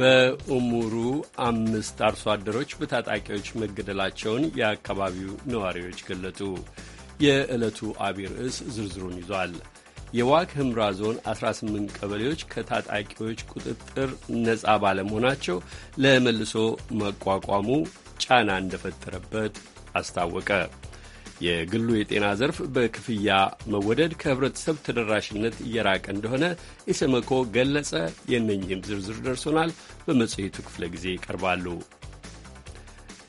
በኦሙሩ አምስት አርሶ አደሮች በታጣቂዎች መገደላቸውን የአካባቢው ነዋሪዎች ገለጡ። የዕለቱ አቢይ ርዕስ ዝርዝሩን ይዟል። የዋግ ህምራ ዞን 18 ቀበሌዎች ከታጣቂዎች ቁጥጥር ነፃ ባለመሆናቸው ለመልሶ መቋቋሙ ጫና እንደፈጠረበት አስታወቀ። የግሉ የጤና ዘርፍ በክፍያ መወደድ ከህብረተሰብ ተደራሽነት እየራቀ እንደሆነ ኢሰመኮ ገለጸ። የእነኚህም ዝርዝር ደርሶናል፣ በመጽሔቱ ክፍለ ጊዜ ይቀርባሉ።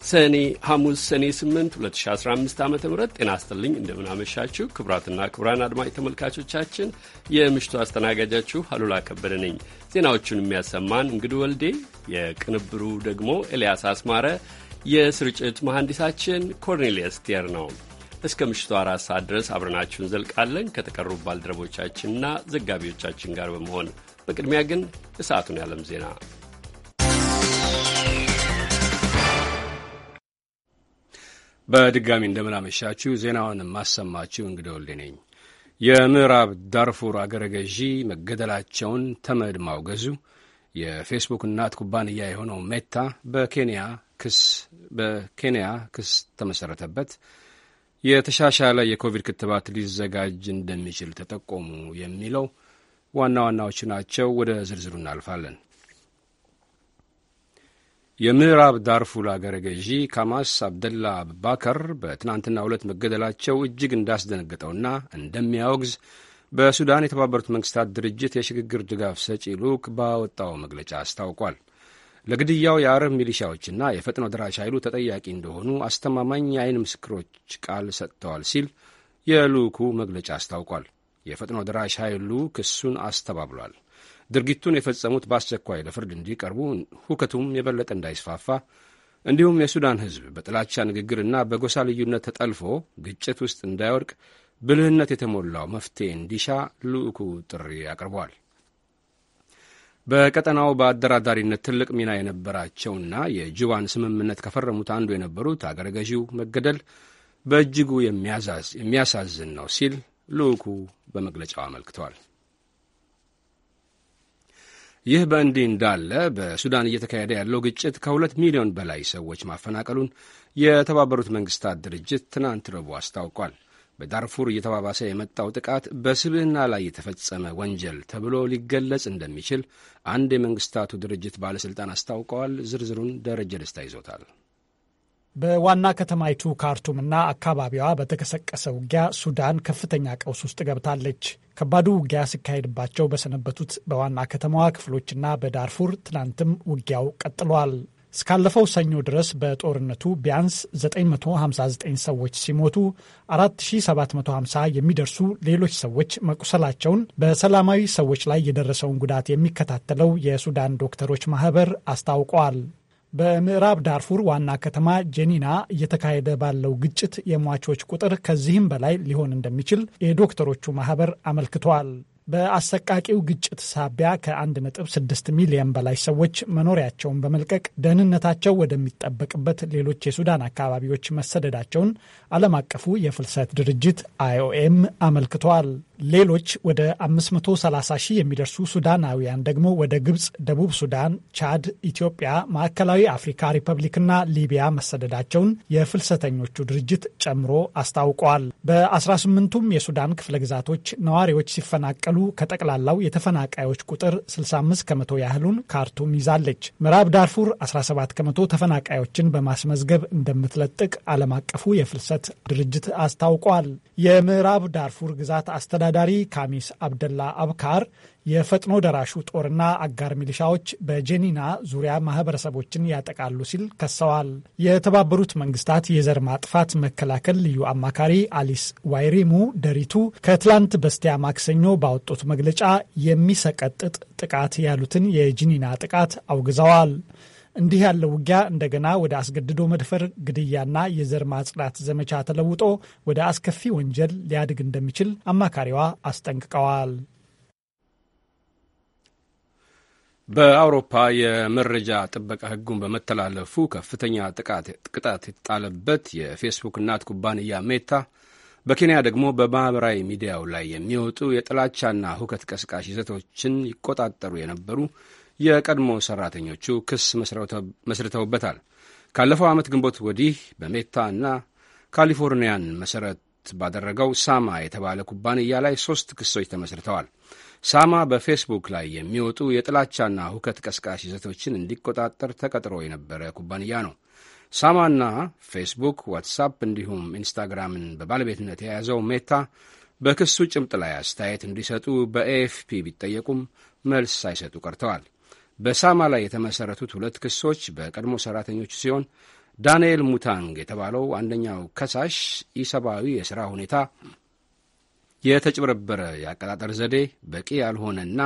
ሰኔ ሐሙስ ሰኔ 8 2015 ዓ ም ጤና ይስጥልኝ። እንደምናመሻችሁ ክቡራትና ክቡራን አድማጭ ተመልካቾቻችን የምሽቱ አስተናጋጃችሁ አሉላ ከበደ ነኝ። ዜናዎቹን የሚያሰማን እንግዱ ወልዴ፣ የቅንብሩ ደግሞ ኤልያስ አስማረ፣ የስርጭት መሐንዲሳችን ኮርኔሊየስ ቴር ነው። እስከ ምሽቱ አራት ሰዓት ድረስ አብረናችሁን ዘልቃለን ከተቀሩ ባልደረቦቻችንና ዘጋቢዎቻችን ጋር በመሆን በቅድሚያ ግን የሰዓቱን ያለም ዜና በድጋሚ እንደምናመሻችሁ ዜናውን የማሰማችሁ እንግዲ ወልዴ ነኝ። የምዕራብ ዳርፉር አገረ ገዢ መገደላቸውን ተመድ ማውገዙ፣ የፌስቡክ እናት ኩባንያ የሆነው ሜታ በኬንያ ክስ በኬንያ ክስ ተመሠረተበት፣ የተሻሻለ የኮቪድ ክትባት ሊዘጋጅ እንደሚችል ተጠቆሙ የሚለው ዋና ዋናዎቹ ናቸው። ወደ ዝርዝሩ እናልፋለን። የምዕራብ ዳርፉር አገረ ገዢ ካማስ አብደላ አብባከር በትናንትናው ዕለት መገደላቸው እጅግ እንዳስደነገጠውና እንደሚያወግዝ በሱዳን የተባበሩት መንግስታት ድርጅት የሽግግር ድጋፍ ሰጪ ልዑክ ባወጣው መግለጫ አስታውቋል። ለግድያው የአረብ ሚሊሻዎችና የፈጥኖ ደራሽ ኃይሉ ተጠያቂ እንደሆኑ አስተማማኝ የአይን ምስክሮች ቃል ሰጥተዋል ሲል የልዑኩ መግለጫ አስታውቋል። የፈጥኖ ደራሽ ኃይሉ ክሱን አስተባብሏል። ድርጊቱን የፈጸሙት በአስቸኳይ ለፍርድ እንዲቀርቡ፣ ሁከቱም የበለጠ እንዳይስፋፋ እንዲሁም የሱዳን ሕዝብ በጥላቻ ንግግርና በጎሳ ልዩነት ተጠልፎ ግጭት ውስጥ እንዳይወድቅ ብልህነት የተሞላው መፍትሄ እንዲሻ ልዑኩ ጥሪ አቅርቧል። በቀጠናው በአደራዳሪነት ትልቅ ሚና የነበራቸውና የጁባን ስምምነት ከፈረሙት አንዱ የነበሩት አገረ ገዢው መገደል በእጅጉ የሚያሳዝን ነው ሲል ልዑኩ በመግለጫው አመልክተዋል። ይህ በእንዲህ እንዳለ በሱዳን እየተካሄደ ያለው ግጭት ከሁለት ሚሊዮን በላይ ሰዎች ማፈናቀሉን የተባበሩት መንግስታት ድርጅት ትናንት ረቡዕ አስታውቋል። በዳርፉር እየተባባሰ የመጣው ጥቃት በስብዕና ላይ የተፈጸመ ወንጀል ተብሎ ሊገለጽ እንደሚችል አንድ የመንግስታቱ ድርጅት ባለሥልጣን አስታውቀዋል። ዝርዝሩን ደረጀ ደስታ ይዞታል። በዋና ከተማይቱ ካርቱምና አካባቢዋ በተቀሰቀሰ ውጊያ ሱዳን ከፍተኛ ቀውስ ውስጥ ገብታለች። ከባዱ ውጊያ ሲካሄድባቸው በሰነበቱት በዋና ከተማዋ ክፍሎችና በዳርፉር ትናንትም ውጊያው ቀጥሏል። እስካለፈው ሰኞ ድረስ በጦርነቱ ቢያንስ 959 ሰዎች ሲሞቱ 4750 የሚደርሱ ሌሎች ሰዎች መቁሰላቸውን በሰላማዊ ሰዎች ላይ የደረሰውን ጉዳት የሚከታተለው የሱዳን ዶክተሮች ማህበር አስታውቀዋል። በምዕራብ ዳርፉር ዋና ከተማ ጄኒና እየተካሄደ ባለው ግጭት የሟቾች ቁጥር ከዚህም በላይ ሊሆን እንደሚችል የዶክተሮቹ ማህበር አመልክቷል። በአሰቃቂው ግጭት ሳቢያ ከ1.6 ሚሊዮን በላይ ሰዎች መኖሪያቸውን በመልቀቅ ደህንነታቸው ወደሚጠበቅበት ሌሎች የሱዳን አካባቢዎች መሰደዳቸውን ዓለም አቀፉ የፍልሰት ድርጅት አይኦኤም አመልክቷል። ሌሎች ወደ 530 ሺህ የሚደርሱ ሱዳናውያን ደግሞ ወደ ግብፅ፣ ደቡብ ሱዳን፣ ቻድ፣ ኢትዮጵያ፣ ማዕከላዊ አፍሪካ ሪፐብሊክና ሊቢያ መሰደዳቸውን የፍልሰተኞቹ ድርጅት ጨምሮ አስታውቋል። በ18ቱም የሱዳን ክፍለ ግዛቶች ነዋሪዎች ሲፈናቀሉ ከጠቅላላው የተፈናቃዮች ቁጥር 65 ከመቶ ያህሉን ካርቱም ይዛለች። ምዕራብ ዳርፉር 17 ከመቶ ተፈናቃዮችን በማስመዝገብ እንደምትለጥቅ ዓለም አቀፉ የፍልሰት ድርጅት አስታውቋል። የምዕራብ ዳርፉር ግዛት አስተዳደ አስተዳዳሪ ካሚስ አብደላ አብካር የፈጥኖ ደራሹ ጦርና አጋር ሚሊሻዎች በጄኒና ዙሪያ ማህበረሰቦችን ያጠቃሉ ሲል ከሰዋል። የተባበሩት መንግስታት የዘር ማጥፋት መከላከል ልዩ አማካሪ አሊስ ዋይሪሙ ደሪቱ ከትላንት በስቲያ ማክሰኞ ባወጡት መግለጫ የሚሰቀጥጥ ጥቃት ያሉትን የጄኒና ጥቃት አውግዘዋል። እንዲህ ያለ ውጊያ እንደገና ወደ አስገድዶ መድፈር፣ ግድያና የዘር ማጽዳት ዘመቻ ተለውጦ ወደ አስከፊ ወንጀል ሊያድግ እንደሚችል አማካሪዋ አስጠንቅቀዋል። በአውሮፓ የመረጃ ጥበቃ ሕጉን በመተላለፉ ከፍተኛ ቅጣት የተጣለበት የፌስቡክ እናት ኩባንያ ሜታ በኬንያ ደግሞ በማኅበራዊ ሚዲያው ላይ የሚወጡ የጥላቻና ሁከት ቀስቃሽ ይዘቶችን ይቆጣጠሩ የነበሩ የቀድሞ ሠራተኞቹ ክስ መስርተውበታል። ካለፈው ዓመት ግንቦት ወዲህ በሜታ እና ካሊፎርኒያን መሠረት ባደረገው ሳማ የተባለ ኩባንያ ላይ ሦስት ክሶች ተመስርተዋል። ሳማ በፌስቡክ ላይ የሚወጡ የጥላቻና ሁከት ቀስቃሽ ይዘቶችን እንዲቆጣጠር ተቀጥሮ የነበረ ኩባንያ ነው። ሳማና ፌስቡክ፣ ዋትሳፕ እንዲሁም ኢንስታግራምን በባለቤትነት የያዘው ሜታ በክሱ ጭምጥ ላይ አስተያየት እንዲሰጡ በኤኤፍፒ ቢጠየቁም መልስ ሳይሰጡ ቀርተዋል። በሳማ ላይ የተመሠረቱት ሁለት ክሶች በቀድሞ ሠራተኞች ሲሆን ዳንኤል ሙታንግ የተባለው አንደኛው ከሳሽ ኢሰብአዊ የሥራ ሁኔታ፣ የተጭበረበረ የአቀጣጠር ዘዴ፣ በቂ ያልሆነና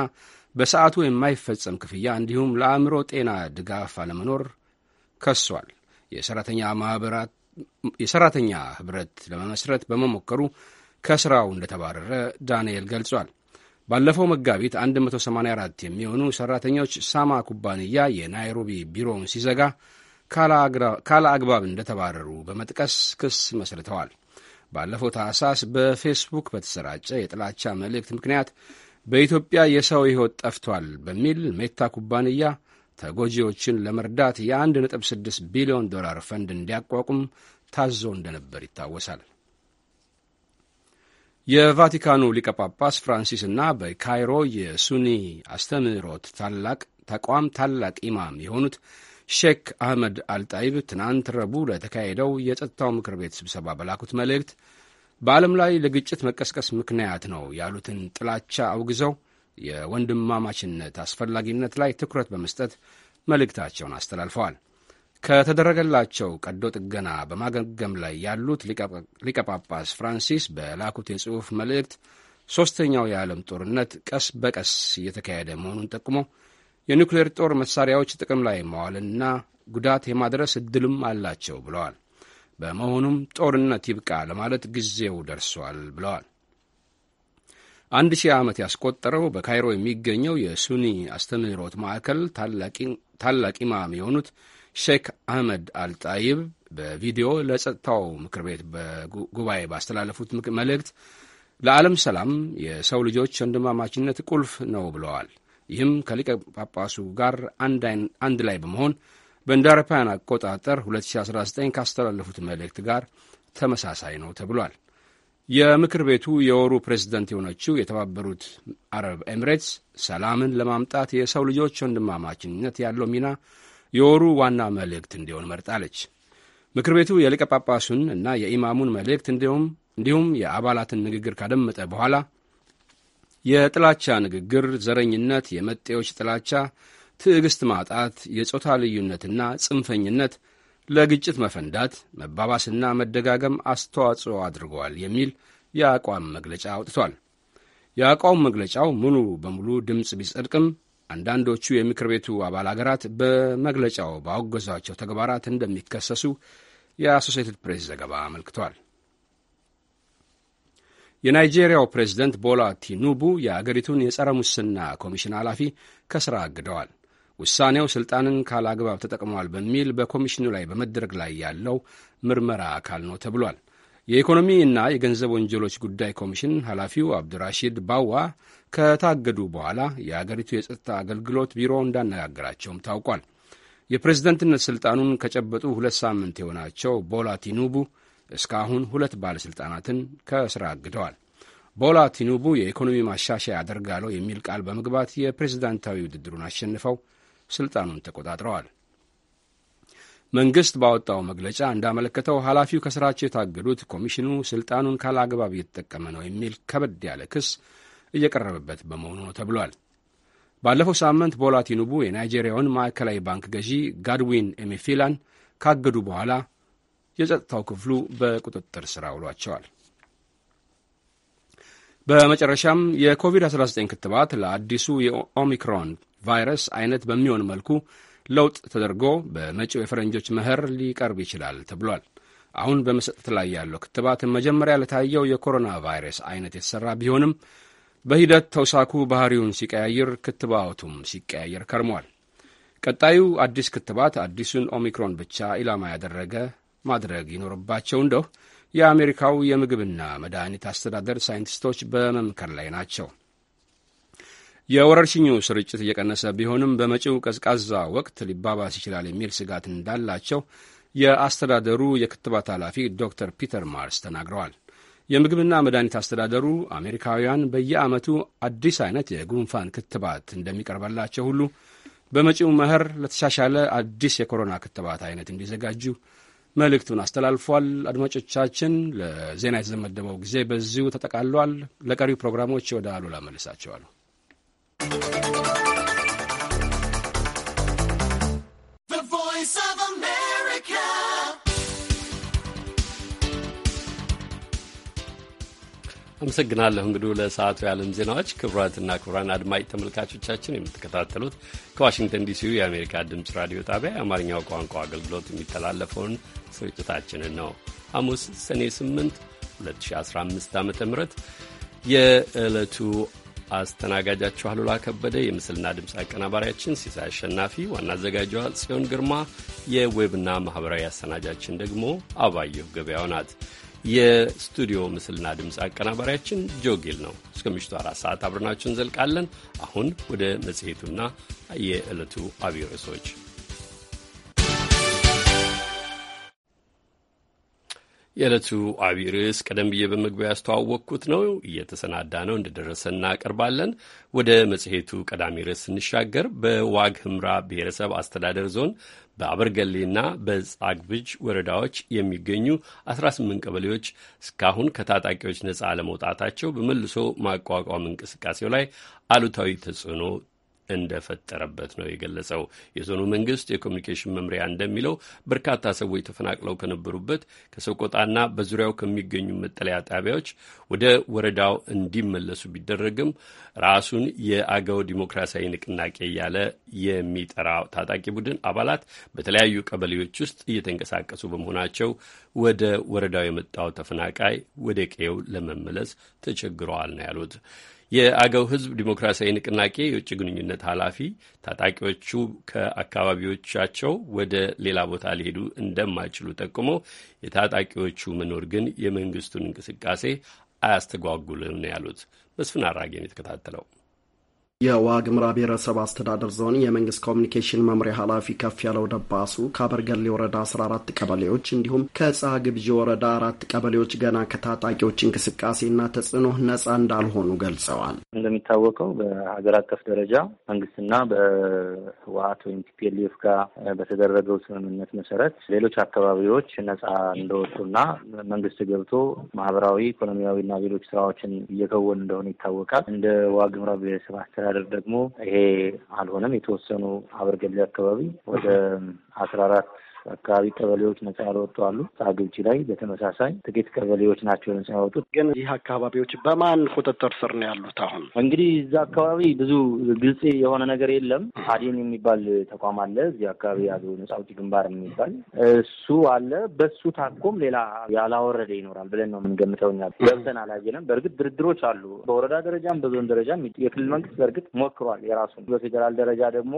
በሰዓቱ የማይፈጸም ክፍያ እንዲሁም ለአእምሮ ጤና ድጋፍ አለመኖር ከሷል። የሰራተኛ ማህበራት የሰራተኛ ህብረት ለመመስረት በመሞከሩ ከስራው እንደተባረረ ዳንኤል ገልጿል። ባለፈው መጋቢት 184 የሚሆኑ ሰራተኞች ሳማ ኩባንያ የናይሮቢ ቢሮውን ሲዘጋ ካለ አግባብ እንደተባረሩ በመጥቀስ ክስ መስርተዋል። ባለፈው ታህሳስ በፌስቡክ በተሰራጨ የጥላቻ መልእክት ምክንያት በኢትዮጵያ የሰው ሕይወት ጠፍቷል በሚል ሜታ ኩባንያ ተጎጂዎችን ለመርዳት የ1.6 ቢሊዮን ዶላር ፈንድ እንዲያቋቁም ታዞ እንደነበር ይታወሳል። የቫቲካኑ ሊቀ ጳጳስ ፍራንሲስ እና በካይሮ የሱኒ አስተምህሮት ታላቅ ተቋም ታላቅ ኢማም የሆኑት ሼክ አህመድ አልጣይብ ትናንት ረቡዕ ለተካሄደው የጸጥታው ምክር ቤት ስብሰባ በላኩት መልእክት በዓለም ላይ ለግጭት መቀስቀስ ምክንያት ነው ያሉትን ጥላቻ አውግዘው የወንድማማችነት አስፈላጊነት ላይ ትኩረት በመስጠት መልእክታቸውን አስተላልፈዋል። ከተደረገላቸው ቀዶ ጥገና በማገገም ላይ ያሉት ሊቀ ጳጳስ ፍራንሲስ በላኩት የጽሑፍ መልእክት ሦስተኛው የዓለም ጦርነት ቀስ በቀስ እየተካሄደ መሆኑን ጠቁሞ የኒውክሌር ጦር መሳሪያዎች ጥቅም ላይ መዋልና ጉዳት የማድረስ ዕድልም አላቸው ብለዋል። በመሆኑም ጦርነት ይብቃ ለማለት ጊዜው ደርሷል ብለዋል። አንድ ሺህ ዓመት ያስቆጠረው በካይሮ የሚገኘው የሱኒ አስተምህሮት ማዕከል ታላቅ ኢማም የሆኑት ሼክ አህመድ አልጣይብ በቪዲዮ ለጸጥታው ምክር ቤት በጉባኤ ባስተላለፉት መልእክት ለዓለም ሰላም የሰው ልጆች ወንድማማችነት ቁልፍ ነው ብለዋል። ይህም ከሊቀ ጳጳሱ ጋር አንድ ላይ በመሆን በእንደ አውሮፓውያን አቆጣጠር 2019 ካስተላለፉት መልእክት ጋር ተመሳሳይ ነው ተብሏል። የምክር ቤቱ የወሩ ፕሬዝደንት የሆነችው የተባበሩት አረብ ኤሚሬትስ ሰላምን ለማምጣት የሰው ልጆች ወንድማማችነት ያለው ሚና የወሩ ዋና መልእክት እንዲሆን መርጣለች። ምክር ቤቱ የሊቀ ጳጳሱን እና የኢማሙን መልእክት እንዲሁም የአባላትን ንግግር ካደመጠ በኋላ የጥላቻ ንግግር፣ ዘረኝነት፣ የመጤዎች ጥላቻ፣ ትዕግስት ማጣት፣ የጾታ ልዩነትና ጽንፈኝነት ለግጭት መፈንዳት መባባስና መደጋገም አስተዋጽኦ አድርገዋል የሚል የአቋም መግለጫ አውጥቷል። የአቋም መግለጫው ሙሉ በሙሉ ድምፅ ቢጸድቅም አንዳንዶቹ የምክር ቤቱ አባል አገራት በመግለጫው ባወገዟቸው ተግባራት እንደሚከሰሱ የአሶሴትድ ፕሬስ ዘገባ አመልክቷል። የናይጄሪያው ፕሬዝደንት ቦላ ቲኑቡ የአገሪቱን የጸረ ሙስና ኮሚሽን ኃላፊ ከሥራ አግደዋል። ውሳኔው ስልጣንን ካላግባብ ተጠቅመዋል በሚል በኮሚሽኑ ላይ በመደረግ ላይ ያለው ምርመራ አካል ነው ተብሏል። የኢኮኖሚ እና የገንዘብ ወንጀሎች ጉዳይ ኮሚሽን ኃላፊው አብዱራሺድ ባዋ ከታገዱ በኋላ የአገሪቱ የጸጥታ አገልግሎት ቢሮ እንዳነጋገራቸውም ታውቋል። የፕሬዝደንትነት ሥልጣኑን ከጨበጡ ሁለት ሳምንት የሆናቸው ቦላ ቲኑቡ እስካሁን ሁለት ባለሥልጣናትን ከሥራ አግደዋል። ቦላ ቲኑቡ የኢኮኖሚ ማሻሻያ አደርጋለሁ የሚል ቃል በመግባት የፕሬዝዳንታዊ ውድድሩን አሸንፈው ስልጣኑን ተቆጣጥረዋል። መንግሥት ባወጣው መግለጫ እንዳመለከተው ኃላፊው ከሥራቸው የታገዱት ኮሚሽኑ ስልጣኑን ካለአግባብ እየተጠቀመ ነው የሚል ከበድ ያለ ክስ እየቀረበበት በመሆኑ ነው ተብሏል። ባለፈው ሳምንት ቦላ ቲኑቡ የናይጄሪያውን ማዕከላዊ ባንክ ገዢ ጋድዊን ኤሜፊላን ካገዱ በኋላ የጸጥታው ክፍሉ በቁጥጥር ስራ ውሏቸዋል። በመጨረሻም የኮቪድ-19 ክትባት ለአዲሱ የኦሚክሮን ቫይረስ አይነት በሚሆን መልኩ ለውጥ ተደርጎ በመጪው የፈረንጆች መኸር ሊቀርብ ይችላል ተብሏል። አሁን በመሰጠት ላይ ያለው ክትባት መጀመሪያ ለታየው የኮሮና ቫይረስ አይነት የተሰራ ቢሆንም በሂደት ተውሳኩ ባህሪውን ሲቀያይር ክትባቱም ሲቀያየር ከርሟል። ቀጣዩ አዲስ ክትባት አዲሱን ኦሚክሮን ብቻ ኢላማ ያደረገ ማድረግ ይኖርባቸው እንደው የአሜሪካው የምግብና መድኃኒት አስተዳደር ሳይንቲስቶች በመምከር ላይ ናቸው። የወረርሽኙ ስርጭት እየቀነሰ ቢሆንም በመጪው ቀዝቃዛ ወቅት ሊባባስ ይችላል የሚል ስጋት እንዳላቸው የአስተዳደሩ የክትባት ኃላፊ ዶክተር ፒተር ማርስ ተናግረዋል። የምግብና መድኃኒት አስተዳደሩ አሜሪካውያን በየዓመቱ አዲስ አይነት የጉንፋን ክትባት እንደሚቀርበላቸው ሁሉ በመጪው መኸር ለተሻሻለ አዲስ የኮሮና ክትባት አይነት እንዲዘጋጁ መልእክቱን አስተላልፏል። አድማጮቻችን፣ ለዜና የተዘመደበው ጊዜ በዚሁ ተጠቃሏል። ለቀሪው ፕሮግራሞች ወደ አሉላ መልሳቸዋሉ። አመሰግናለሁ እንግዲሁ ለሰዓቱ የዓለም ዜናዎች። ክቡራትና ክቡራን አድማጭ ተመልካቾቻችን የምትከታተሉት ከዋሽንግተን ዲሲው የአሜሪካ ድምፅ ራዲዮ ጣቢያ የአማርኛው ቋንቋ አገልግሎት የሚተላለፈውን ስርጭታችንን ነው። ሐሙስ ሰኔ 8 2015 ዓ ም የዕለቱ አስተናጋጃችሁ አሉላ ከበደ፣ የምስልና ድምፅ አቀናባሪያችን ሲሳይ አሸናፊ፣ ዋና አዘጋጇ ጽዮን ግርማ፣ የዌብና ማኅበራዊ አሰናጃችን ደግሞ አባየሁ ገበያው ናት። የስቱዲዮ ምስልና ድምፅ አቀናባሪያችን ጆጌል ነው። እስከ ምሽቱ አራት ሰዓት አብረናችሁ እንዘልቃለን። አሁን ወደ መጽሔቱና የዕለቱ አብይ ርዕሶች የዕለቱ አቢይ ርዕስ ቀደም ብዬ በመግቢያ ያስተዋወቅኩት ነው። እየተሰናዳ ነው እንደደረሰ እናቀርባለን። ወደ መጽሔቱ ቀዳሚ ርዕስ ስንሻገር በዋግ ህምራ ብሔረሰብ አስተዳደር ዞን በአበርገሌና በጻግብጅ ወረዳዎች የሚገኙ 18 ቀበሌዎች እስካሁን ከታጣቂዎች ነፃ ለመውጣታቸው በመልሶ ማቋቋም እንቅስቃሴው ላይ አሉታዊ ተጽዕኖ እንደፈጠረበት ነው የገለጸው። የዞኑ መንግስት የኮሚኒኬሽን መምሪያ እንደሚለው በርካታ ሰዎች ተፈናቅለው ከነበሩበት ከሰቆጣና በዙሪያው ከሚገኙ መጠለያ ጣቢያዎች ወደ ወረዳው እንዲመለሱ ቢደረግም ራሱን የአገው ዲሞክራሲያዊ ንቅናቄ እያለ የሚጠራ ታጣቂ ቡድን አባላት በተለያዩ ቀበሌዎች ውስጥ እየተንቀሳቀሱ በመሆናቸው ወደ ወረዳው የመጣው ተፈናቃይ ወደ ቀዬው ለመመለስ ተቸግረዋል ነው ያሉት። የአገው ሕዝብ ዲሞክራሲያዊ ንቅናቄ የውጭ ግንኙነት ኃላፊ ታጣቂዎቹ ከአካባቢዎቻቸው ወደ ሌላ ቦታ ሊሄዱ እንደማይችሉ ጠቁሞ የታጣቂዎቹ መኖር ግን የመንግስቱን እንቅስቃሴ አያስተጓጉልም ነው ያሉት። መስፍን አራጌን የተከታተለው የዋግምራ ብሔረሰብ አስተዳደር ዞን የመንግስት ኮሚኒኬሽን መምሪያ ኃላፊ ከፍ ያለው ደባሱ ከአበርገሌ ወረዳ 14 ቀበሌዎች እንዲሁም ከጻ ግብዥ ወረዳ አራት ቀበሌዎች ገና ከታጣቂዎች እንቅስቃሴና ተጽዕኖ ነጻ እንዳልሆኑ ገልጸዋል። እንደሚታወቀው በሀገር አቀፍ ደረጃ መንግስትና በህወሀት ወይም ቲፒኤልኤፍ ጋር በተደረገው ስምምነት መሰረት ሌሎች አካባቢዎች ነጻ እንደወጡና መንግስት ገብቶ ማህበራዊ ኢኮኖሚያዊና ሌሎች ስራዎችን እየከወን እንደሆነ ይታወቃል። እንደ ዋግምራ ብሔረሰብ አስተዳደር ደግሞ ይሄ አልሆነም። የተወሰኑ አበርገሌ አካባቢ ወደ አስራ አራት አካባቢ ቀበሌዎች ነጻ ያልወጡ አሉ። ጻግብጪ ላይ በተመሳሳይ ጥቂት ቀበሌዎች ናቸው ነጻ ያወጡት። ግን ይህ አካባቢዎች በማን ቁጥጥር ስር ነው ያሉት? አሁን እንግዲህ እዛ አካባቢ ብዙ ግልጽ የሆነ ነገር የለም። አዴን የሚባል ተቋም አለ እዚህ አካባቢ ያሉ ነጻ አውጪ ግንባር የሚባል እሱ አለ። በሱ ታኮም ሌላ ያላወረደ ይኖራል ብለን ነው የምንገምተው። እኛ ገብተን አላየንም። በእርግጥ ድርድሮች አሉ በወረዳ ደረጃም በዞን ደረጃም የክልል መንግስት በእርግጥ ሞክሯል የራሱን። በፌዴራል ደረጃ ደግሞ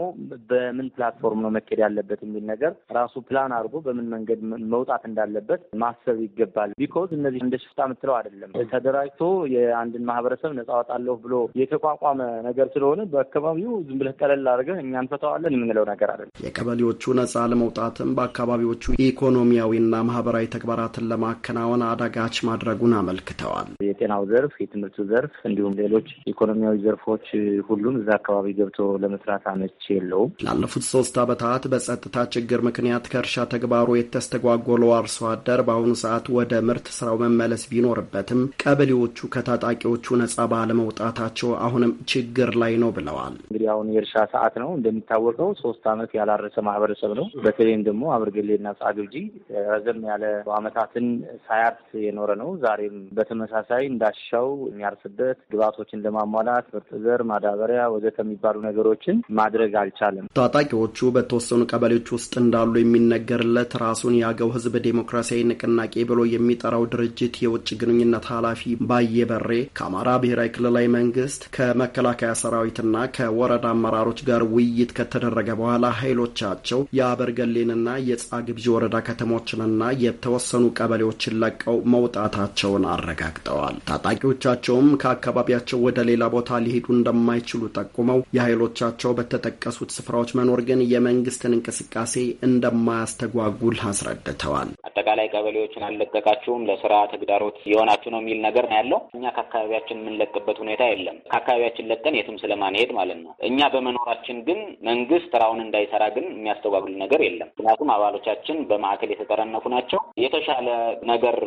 በምን ፕላትፎርም ነው መኬድ ያለበት የሚል ነገር ራሱ ፕላ ፕላን አድርጎ በምን መንገድ መውጣት እንዳለበት ማሰብ ይገባል። ቢኮዝ እነዚህ እንደ ሽፍታ የምትለው አይደለም። ተደራጅቶ የአንድን ማህበረሰብ ነጻ አወጣለሁ ብሎ የተቋቋመ ነገር ስለሆነ በአካባቢው ዝም ብለህ ቀለል አድርገህ እኛ እንፈታዋለን የምንለው ነገር አይደለም። የቀበሌዎቹ ነጻ ለመውጣትም በአካባቢዎቹ ኢኮኖሚያዊና ማህበራዊ ተግባራትን ለማከናወን አዳጋች ማድረጉን አመልክተዋል። የጤናው ዘርፍ፣ የትምህርቱ ዘርፍ እንዲሁም ሌሎች ኢኮኖሚያዊ ዘርፎች ሁሉም እዛ አካባቢ ገብቶ ለመስራት አመች የለውም። ላለፉት ሶስት አመታት በጸጥታ ችግር ምክንያት ከእርሻ የእርሻ ተግባሩ የተስተጓጎለው አርሶ አደር በአሁኑ ሰዓት ወደ ምርት ስራው መመለስ ቢኖርበትም ቀበሌዎቹ ከታጣቂዎቹ ነጻ ባለመውጣታቸው አሁንም ችግር ላይ ነው ብለዋል። እንግዲህ አሁን የእርሻ ሰዓት ነው። እንደሚታወቀው ሶስት አመት ያላረሰ ማህበረሰብ ነው። በተለይም ደግሞ አብርግሌና ጻግብጂ ረዘም ያለ አመታትን ሳያርስ የኖረ ነው። ዛሬም በተመሳሳይ እንዳሻው የሚያርስበት ግብዓቶችን ለማሟላት ምርጥ ዘር፣ ማዳበሪያ ወዘተ የሚባሉ ነገሮችን ማድረግ አልቻለም። ታጣቂዎቹ በተወሰኑ ቀበሌዎች ውስጥ እንዳሉ የሚነ ሲነገርለት ራሱን የአገው ህዝብ ዴሞክራሲያዊ ንቅናቄ ብሎ የሚጠራው ድርጅት የውጭ ግንኙነት ኃላፊ ባየ በሬ ከአማራ ብሔራዊ ክልላዊ መንግስት ከመከላከያ ሰራዊትና ከወረዳ አመራሮች ጋር ውይይት ከተደረገ በኋላ ኃይሎቻቸው የአበርገሌንና ግብዥ ወረዳ ከተሞችንና የተወሰኑ ቀበሌዎችን ለቀው መውጣታቸውን አረጋግጠዋል። ታጣቂዎቻቸውም ከአካባቢያቸው ወደ ሌላ ቦታ ሊሄዱ እንደማይችሉ ጠቁመው የኃይሎቻቸው በተጠቀሱት ስፍራዎች መኖር ግን የመንግስትን እንቅስቃሴ እንደማያ እንደሚያስተጓጉል አስረድተዋል። አጠቃላይ ቀበሌዎችን አልለቀቃችሁም ለስራ ተግዳሮት የሆናችሁ ነው የሚል ነገር ነው ያለው። እኛ ከአካባቢያችን የምንለቅበት ሁኔታ የለም። ከአካባቢያችን ለቀን የትም ስለማንሄድ ማለት ነው። እኛ በመኖራችን ግን መንግስት ስራውን እንዳይሰራ ግን የሚያስተጓጉል ነገር የለም። ምክንያቱም አባሎቻችን በማዕከል የተጠረነፉ ናቸው። የተሻለ ነገር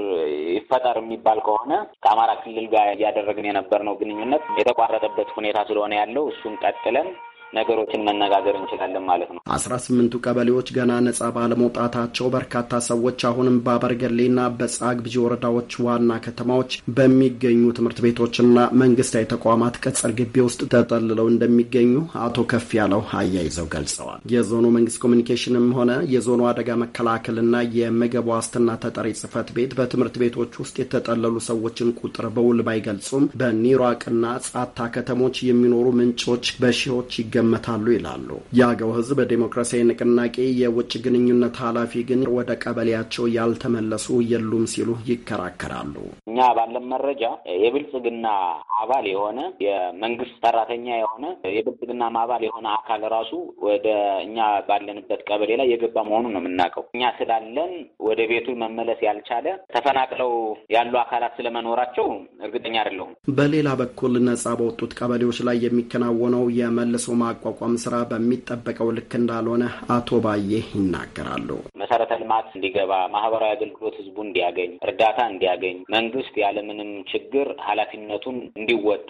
ይፈጠር የሚባል ከሆነ ከአማራ ክልል ጋር እያደረግን የነበርነው ግንኙነት የተቋረጠበት ሁኔታ ስለሆነ ያለው እሱን ቀጥለን ነገሮችን መነጋገር እንችላለን ማለት ነው። አስራ ስምንቱ ቀበሌዎች ገና ነጻ ባለመውጣታቸው በርካታ ሰዎች አሁንም በአበርገሌና በጻግብጂ ወረዳዎች ዋና ከተማዎች በሚገኙ ትምህርት ቤቶችና መንግስታዊ ተቋማት ቅጽር ግቢ ውስጥ ተጠልለው እንደሚገኙ አቶ ከፍ ያለው አያይዘው ገልጸዋል። የዞኑ መንግስት ኮሚኒኬሽንም ሆነ የዞኑ አደጋ መከላከልና የምግብ ዋስትና ተጠሪ ጽህፈት ቤት በትምህርት ቤቶች ውስጥ የተጠለሉ ሰዎችን ቁጥር በውል ባይገልጹም በኒሯቅና ጻታ ከተሞች የሚኖሩ ምንጮች በሺዎች ይገ ይገመታሉ ይላሉ። የአገው ህዝብ ዴሞክራሲያዊ ንቅናቄ የውጭ ግንኙነት ኃላፊ ግን ወደ ቀበሌያቸው ያልተመለሱ የሉም ሲሉ ይከራከራሉ። እኛ ባለን መረጃ የብልጽግና አባል የሆነ የመንግስት ሰራተኛ የሆነ የብልጽግና አባል የሆነ አካል ራሱ ወደ እኛ ባለንበት ቀበሌ ላይ የገባ መሆኑን ነው የምናውቀው። እኛ ስላለን ወደ ቤቱ መመለስ ያልቻለ ተፈናቅለው ያሉ አካላት ስለመኖራቸው እርግጠኛ አይደለሁም። በሌላ በኩል ነጻ በወጡት ቀበሌዎች ላይ የሚከናወነው የመልሶ ማ የማቋቋም ስራ በሚጠበቀው ልክ እንዳልሆነ አቶ ባዬ ይናገራሉ። መሰረተ ልማት እንዲገባ፣ ማህበራዊ አገልግሎት ህዝቡ እንዲያገኝ፣ እርዳታ እንዲያገኝ፣ መንግስት ያለምንም ችግር ኃላፊነቱን እንዲወጣ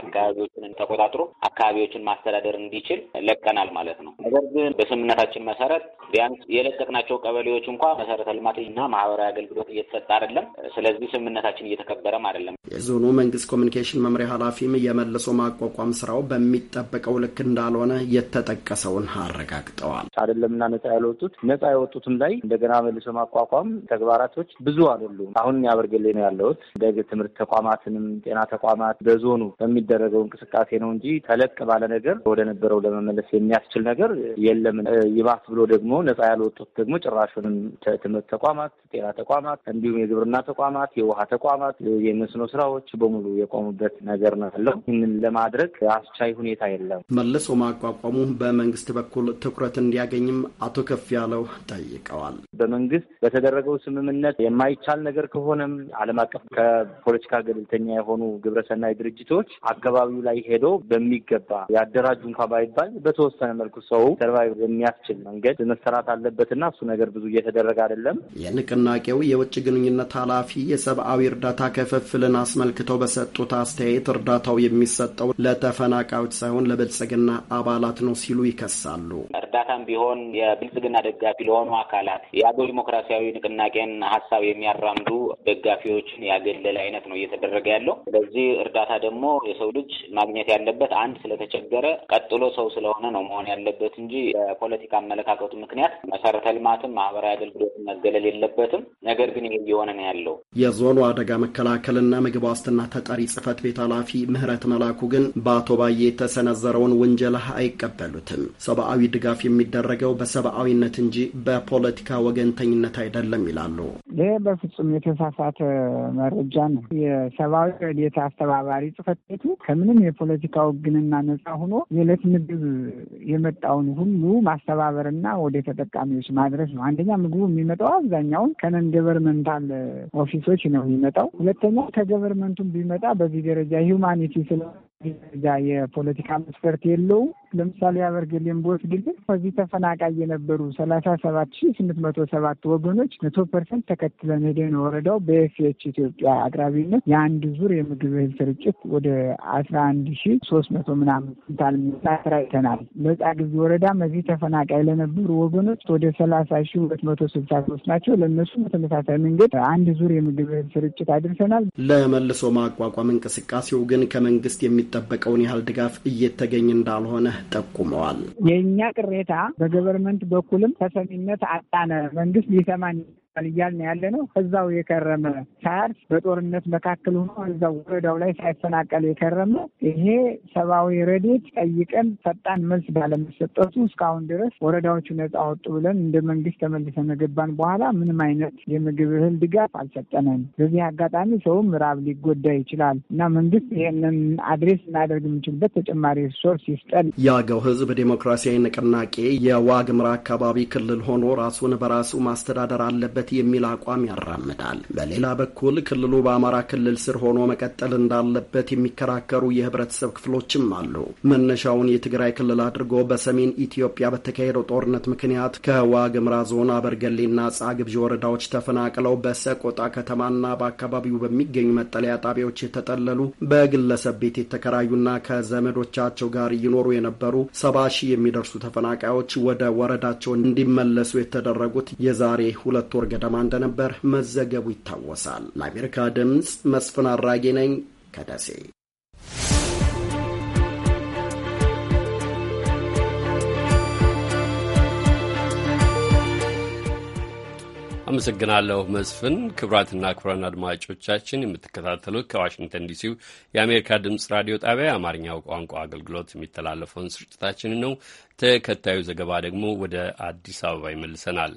አካባቢዎችን ተቆጣጥሮ አካባቢዎችን ማስተዳደር እንዲችል ለቀናል ማለት ነው። ነገር ግን በስምምነታችን መሰረት ቢያንስ የለቀቅናቸው ቀበሌዎች እንኳ መሰረተ ልማት እና ማህበራዊ አገልግሎት እየተሰጠ አይደለም። ስለዚህ ስምምነታችን እየተከበረም አይደለም። የዞኑ መንግስት ኮሚኒኬሽን መምሪያ ኃላፊም የመልሶ ማቋቋም ስራው በሚጠበቀው ልክ እንዳልሆነ የተጠቀሰውን አረጋግጠዋል። አይደለምና ነጻ ያልወጡት ነጻ የወጡትም ላይ እንደገና መልሶ ማቋቋም ተግባራቶች ብዙ አይደሉም። አሁን ያበርገሌ ነው ያለሁት። እንደ ትምህርት ተቋማትንም ጤና ተቋማት በዞኑ በሚደረገው እንቅስቃሴ ነው እንጂ ተለቅ ባለ ነገር ወደ ነበረው ለመመለስ የሚያስችል ነገር የለም። ይባስ ብሎ ደግሞ ነጻ ያልወጡት ደግሞ ጭራሹንም ትምህርት ተቋማት፣ ጤና ተቋማት እንዲሁም የግብርና ተቋማት፣ የውሃ ተቋማት፣ የመስኖ ስራዎች በሙሉ የቆሙበት ነገር ነው ያለው። ይህንን ለማድረግ አስቻይ ሁኔታ የለም። መልሶ ማቋቋሙ በመንግስት በኩል ትኩረት እንዲያገኝም አቶ ከፍ ያለው ጠይቀዋል። በመንግስት በተደረገው ስምምነት የማይቻል ነገር ከሆነም ዓለም አቀፍ ከፖለቲካ ገለልተኛ የሆኑ ግብረሰናይ ድርጅቶች አካባቢው ላይ ሄዶ በሚገባ ያደራጁ እንኳ ባይባል በተወሰነ መልኩ ሰው ሰርቫይቭ የሚያስችል መንገድ መሰራት አለበትና እሱ ነገር ብዙ እየተደረገ አይደለም። የንቅናቄው የውጭ ግንኙነት ኃላፊ የሰብአዊ እርዳታ ከፍፍልን አስመልክተው በሰጡት አስተያየት እርዳታው የሚሰጠው ለተፈናቃዮች ሳይሆን ለብልጽግና ዋና አባላት ነው ሲሉ ይከሳሉ። እርዳታም ቢሆን የብልጽግና ደጋፊ ለሆኑ አካላት የአገው ዲሞክራሲያዊ ንቅናቄን ሀሳብ የሚያራምዱ ደጋፊዎችን ያገለለ አይነት ነው እየተደረገ ያለው። ስለዚህ እርዳታ ደግሞ የሰው ልጅ ማግኘት ያለበት አንድ ስለተቸገረ፣ ቀጥሎ ሰው ስለሆነ ነው መሆን ያለበት እንጂ በፖለቲካ አመለካከቱ ምክንያት መሰረተ ልማትም ማህበራዊ አገልግሎት መገለል የለበትም። ነገር ግን ይህ እየሆነ ነው ያለው። የዞኑ አደጋ መከላከልና ምግብ ዋስትና ተጠሪ ጽህፈት ቤት ኃላፊ ምህረት መላኩ ግን በአቶ ባዬ የተሰነዘረውን ውንጀላ አይቀበሉትም። ሰብአዊ ድጋፍ የሚደረገው በሰብአዊነት እንጂ በፖለቲካ ወገንተኝነት አይደለም ይላሉ። ይህ በፍጹም የተሳሳተ መረጃ ነው። የሰብአዊ ረድኤት አስተባባሪ ጽፈት ቤቱ ከምንም የፖለቲካ ውግንና ነጻ ሆኖ የዕለት ምግብ የመጣውን ሁሉ ማስተባበርና ወደ ተጠቃሚዎች ማድረስ ነው። አንደኛ ምግቡ የሚመጣው አብዛኛውን ከነን ገቨርመንታል ኦፊሶች ነው የሚመጣው። ሁለተኛ ከገቨርመንቱን ቢመጣ በዚህ ደረጃ ሂውማኒቲ ስለሆነ ደረጃ የፖለቲካ መስፈርት የለውም። ለምሳሌ አበርገሌን በወስድልን ከዚህ ተፈናቃይ የነበሩ ሰላሳ ሰባት ሺ ስምንት መቶ ሰባት ወገኖች መቶ ፐርሰንት ተከትለን ሄደን ወረዳው በኤፍች ኢትዮጵያ አቅራቢነት የአንድ ዙር የምግብ እህል ስርጭት ወደ አስራ አንድ ሺ ሶስት መቶ ምናምን ኩንታል አስራይተናል። ለጻ ጊዜ ወረዳ መዚህ ተፈናቃይ ለነበሩ ወገኖች ወደ ሰላሳ ሺ ሁለት መቶ ስልሳ ሶስት ናቸው። ለእነሱ በተመሳሳይ መንገድ አንድ ዙር የምግብ እህል ስርጭት አድርሰናል። ለመልሶ ማቋቋም እንቅስቃሴው ግን ከመንግስት የሚጠበቀውን ያህል ድጋፍ እየተገኝ እንዳልሆነ ጠቁመዋል። የእኛ ቅሬታ በገቨርንመንት በኩልም ተሰሚነት አጣነ። መንግስት ሊሰማን ይሰጣል እያልን ያለ ነው። እዛው የከረመ ሳያርስ በጦርነት መካከል ሆኖ እዛው ወረዳው ላይ ሳይፈናቀል የከረመ ይሄ ሰብአዊ ረዴት ጠይቀን ፈጣን መልስ ባለመሰጠቱ እስካሁን ድረስ ወረዳዎቹ ነጻ ወጡ ብለን እንደ መንግስት ተመልሰን ገባን በኋላ ምንም አይነት የምግብ እህል ድጋፍ አልሰጠነን። በዚህ አጋጣሚ ሰውም ራብ ሊጎዳ ይችላል እና መንግስት ይህንን አድሬስ እናደርግ የምንችልበት ተጨማሪ ሪሶርስ ይስጠን። የአገው ህዝብ ዲሞክራሲያዊ ንቅናቄ የዋግምራ አካባቢ ክልል ሆኖ ራሱን በራሱ ማስተዳደር አለበት አንመለከት የሚል አቋም ያራምዳል። በሌላ በኩል ክልሉ በአማራ ክልል ስር ሆኖ መቀጠል እንዳለበት የሚከራከሩ የህብረተሰብ ክፍሎችም አሉ። መነሻውን የትግራይ ክልል አድርጎ በሰሜን ኢትዮጵያ በተካሄደው ጦርነት ምክንያት ከዋግምራ ዞን አበርገሌና ግብዥ ወረዳዎች ተፈናቅለው በሰቆጣ ከተማና በአካባቢው በሚገኙ መጠለያ ጣቢያዎች የተጠለሉ በግለሰብ ቤት የተከራዩና ከዘመዶቻቸው ጋር ይኖሩ የነበሩ ሰባ ሺህ የሚደርሱ ተፈናቃዮች ወደ ወረዳቸው እንዲመለሱ የተደረጉት የዛሬ ሁለት ወር ገደማ እንደነበር መዘገቡ ይታወሳል። ለአሜሪካ ድምፅ መስፍን አራጌ ነኝ ከደሴ። አመሰግናለሁ መስፍን። ክቡራትና ክቡራን አድማጮቻችን የምትከታተሉት ከዋሽንግተን ዲሲው የአሜሪካ ድምፅ ራዲዮ ጣቢያ የአማርኛው ቋንቋ አገልግሎት የሚተላለፈውን ስርጭታችንን ነው። ተከታዩ ዘገባ ደግሞ ወደ አዲስ አበባ ይመልሰናል።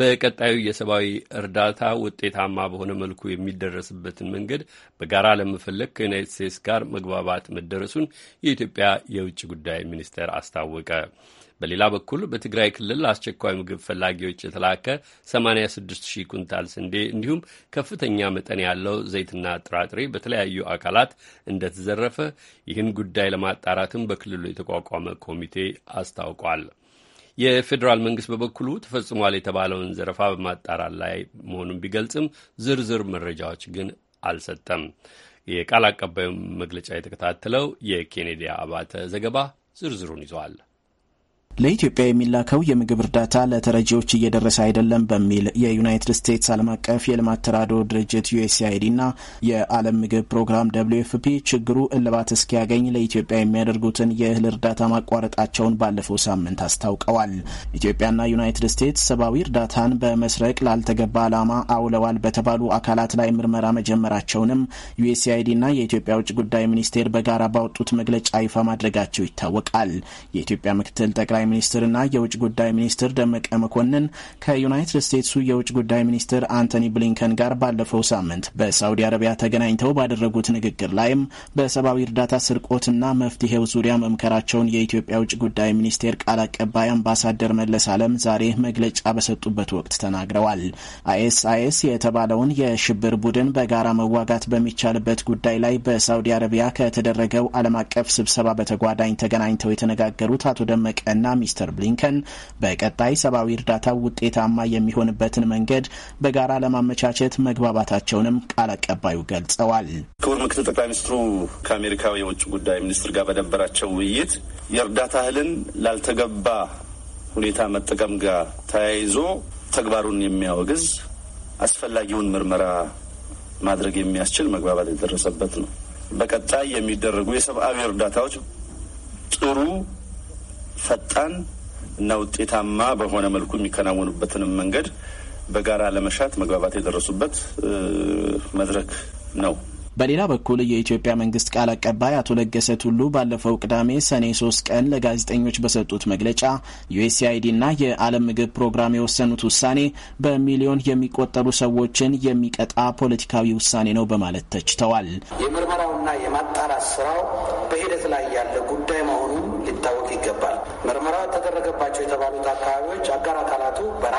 በቀጣዩ የሰብአዊ እርዳታ ውጤታማ በሆነ መልኩ የሚደረስበትን መንገድ በጋራ ለመፈለግ ከዩናይትድ ስቴትስ ጋር መግባባት መደረሱን የኢትዮጵያ የውጭ ጉዳይ ሚኒስቴር አስታወቀ። በሌላ በኩል በትግራይ ክልል አስቸኳይ ምግብ ፈላጊዎች የተላከ 86 ሺህ ኩንታል ስንዴ እንዲሁም ከፍተኛ መጠን ያለው ዘይትና ጥራጥሬ በተለያዩ አካላት እንደተዘረፈ ይህን ጉዳይ ለማጣራትም በክልሉ የተቋቋመ ኮሚቴ አስታውቋል። የፌዴራል መንግስት በበኩሉ ተፈጽሟል የተባለውን ዘረፋ በማጣራት ላይ መሆኑን ቢገልጽም ዝርዝር መረጃዎች ግን አልሰጠም። የቃል አቀባዩ መግለጫ የተከታተለው የኬኔዲ አባተ ዘገባ ዝርዝሩን ይዘዋል። ለኢትዮጵያ የሚላከው የምግብ እርዳታ ለተረጂዎች እየደረሰ አይደለም በሚል የዩናይትድ ስቴትስ ዓለም አቀፍ የልማት ተራድኦ ድርጅት ዩኤስአይዲ እና የዓለም ምግብ ፕሮግራም ደብሊዩ ኤፍ ፒ ችግሩ እልባት እስኪያገኝ ለኢትዮጵያ የሚያደርጉትን የእህል እርዳታ ማቋረጣቸውን ባለፈው ሳምንት አስታውቀዋል። ኢትዮጵያና ዩናይትድ ስቴትስ ሰብአዊ እርዳታን በመስረቅ ላልተገባ ዓላማ አውለዋል በተባሉ አካላት ላይ ምርመራ መጀመራቸውንም ዩኤስአይዲ እና የኢትዮጵያ ውጭ ጉዳይ ሚኒስቴር በጋራ ባወጡት መግለጫ ይፋ ማድረጋቸው ይታወቃል። የኢትዮጵያ ምክትል ጠቅላይ ጉዳይ ሚኒስትርና የውጭ ጉዳይ ሚኒስትር ደመቀ መኮንን ከዩናይትድ ስቴትሱ የውጭ ጉዳይ ሚኒስትር አንቶኒ ብሊንከን ጋር ባለፈው ሳምንት በሳውዲ አረቢያ ተገናኝተው ባደረጉት ንግግር ላይም በሰብአዊ እርዳታ ስርቆትና መፍትሄው ዙሪያ መምከራቸውን የኢትዮጵያ ውጭ ጉዳይ ሚኒስቴር ቃል አቀባይ አምባሳደር መለስ አለም ዛሬ መግለጫ በሰጡበት ወቅት ተናግረዋል። አይኤስአይኤስ የተባለውን የሽብር ቡድን በጋራ መዋጋት በሚቻልበት ጉዳይ ላይ በሳውዲ አረቢያ ከተደረገው ዓለም አቀፍ ስብሰባ በተጓዳኝ ተገናኝተው የተነጋገሩት አቶ ደመቀና ሚስተር ብሊንከን በቀጣይ ሰብአዊ እርዳታ ውጤታማ የሚሆንበትን መንገድ በጋራ ለማመቻቸት መግባባታቸውንም ቃል አቀባዩ ገልጸዋል። ክቡር ምክትል ጠቅላይ ሚኒስትሩ ከአሜሪካዊ የውጭ ጉዳይ ሚኒስትር ጋር በነበራቸው ውይይት የእርዳታ እህልን ላልተገባ ሁኔታ መጠቀም ጋር ተያይዞ ተግባሩን የሚያወግዝ አስፈላጊውን ምርመራ ማድረግ የሚያስችል መግባባት የደረሰበት ነው። በቀጣይ የሚደረጉ የሰብአዊ እርዳታዎች ጥሩ ፈጣን እና ውጤታማ በሆነ መልኩ የሚከናወኑበትንም መንገድ በጋራ ለመሻት መግባባት የደረሱበት መድረክ ነው። በሌላ በኩል የኢትዮጵያ መንግስት ቃል አቀባይ አቶ ለገሰ ቱሉ ባለፈው ቅዳሜ ሰኔ ሶስት ቀን ለጋዜጠኞች በሰጡት መግለጫ ዩኤስአይዲና የዓለም ምግብ ፕሮግራም የወሰኑት ውሳኔ በሚሊዮን የሚቆጠሩ ሰዎችን የሚቀጣ ፖለቲካዊ ውሳኔ ነው በማለት ተችተዋል። የምርመራውና የማጣራት ስራው በሂደት ላይ ያለ ጉዳይ መሆኑ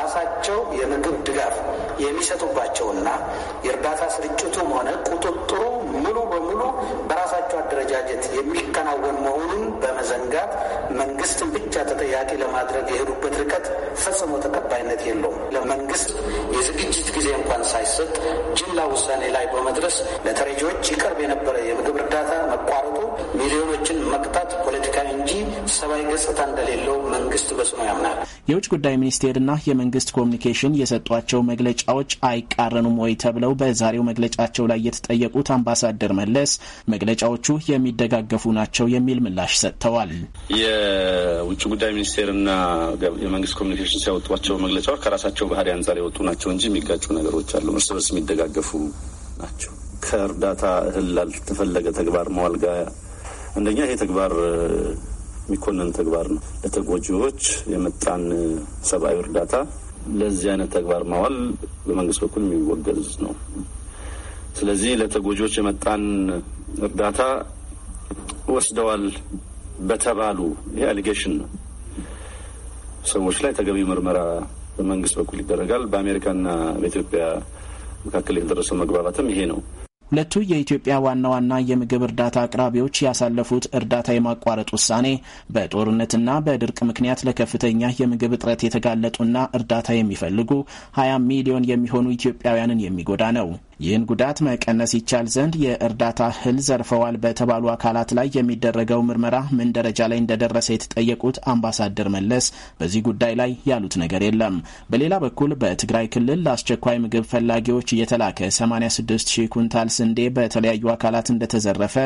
ራሳቸው የምግብ ድጋፍ የሚሰጡባቸውና የእርዳታ ስርጭቱም ሆነ ቁጥጥሩ ሙሉ በሙሉ በራሳቸው አደረጃጀት የሚከናወን መሆኑን በመዘንጋት መንግስትን ብቻ ተጠያቂ ለማድረግ የሄዱበት ርቀት ፈጽሞ ተቀባይነት የለውም። ለመንግስት የዝግጅት ጊዜ እንኳን ሳይሰጥ ጅምላ ውሳኔ ላይ በመድረስ ለተረጂዎች ይቀርብ የነበረ የምግብ እርዳታ መቋረጡ ሚሊዮኖችን መቅጣት ሰብአዊ ገጽታ እንደሌለው መንግስት በጽኑ ያምናል። የውጭ ጉዳይ ሚኒስቴርና የመንግስት ኮሚኒኬሽን የሰጧቸው መግለጫዎች አይቃረኑም ወይ ተብለው በዛሬው መግለጫቸው ላይ የተጠየቁት አምባሳደር መለስ መግለጫዎቹ የሚደጋገፉ ናቸው የሚል ምላሽ ሰጥተዋል። የውጭ ጉዳይ ሚኒስቴርና የመንግስት ኮሚኒኬሽን ሲያወጧቸው መግለጫዎች ከራሳቸው ባህሪ አንጻር የወጡ ናቸው እንጂ የሚጋጩ ነገሮች አሉ፣ እርስ በርስ የሚደጋገፉ ናቸው። ከእርዳታ እህል ላልተፈለገ ተግባር መዋል ጋር አንደኛ ይሄ ተግባር የሚኮንን ተግባር ነው። ለተጎጂዎች የመጣን ሰብአዊ እርዳታ ለዚህ አይነት ተግባር ማዋል በመንግስት በኩል የሚወገዝ ነው። ስለዚህ ለተጎጂዎች የመጣን እርዳታ ወስደዋል በተባሉ ይሄ አሊጌሽን ነው ሰዎች ላይ ተገቢ ምርመራ በመንግስት በኩል ይደረጋል። በአሜሪካና በኢትዮጵያ መካከል የተደረሰው መግባባትም ይሄ ነው። ሁለቱ የኢትዮጵያ ዋና ዋና የምግብ እርዳታ አቅራቢዎች ያሳለፉት እርዳታ የማቋረጥ ውሳኔ በጦርነትና በድርቅ ምክንያት ለከፍተኛ የምግብ እጥረት የተጋለጡና እርዳታ የሚፈልጉ 20 ሚሊዮን የሚሆኑ ኢትዮጵያውያንን የሚጎዳ ነው። ይህን ጉዳት መቀነስ ይቻል ዘንድ የእርዳታ እህል ዘርፈዋል በተባሉ አካላት ላይ የሚደረገው ምርመራ ምን ደረጃ ላይ እንደደረሰ የተጠየቁት አምባሳደር መለስ በዚህ ጉዳይ ላይ ያሉት ነገር የለም። በሌላ በኩል በትግራይ ክልል ለአስቸኳይ ምግብ ፈላጊዎች እየተላከ 86 ሺህ ኩንታል ስንዴ በተለያዩ አካላት እንደተዘረፈ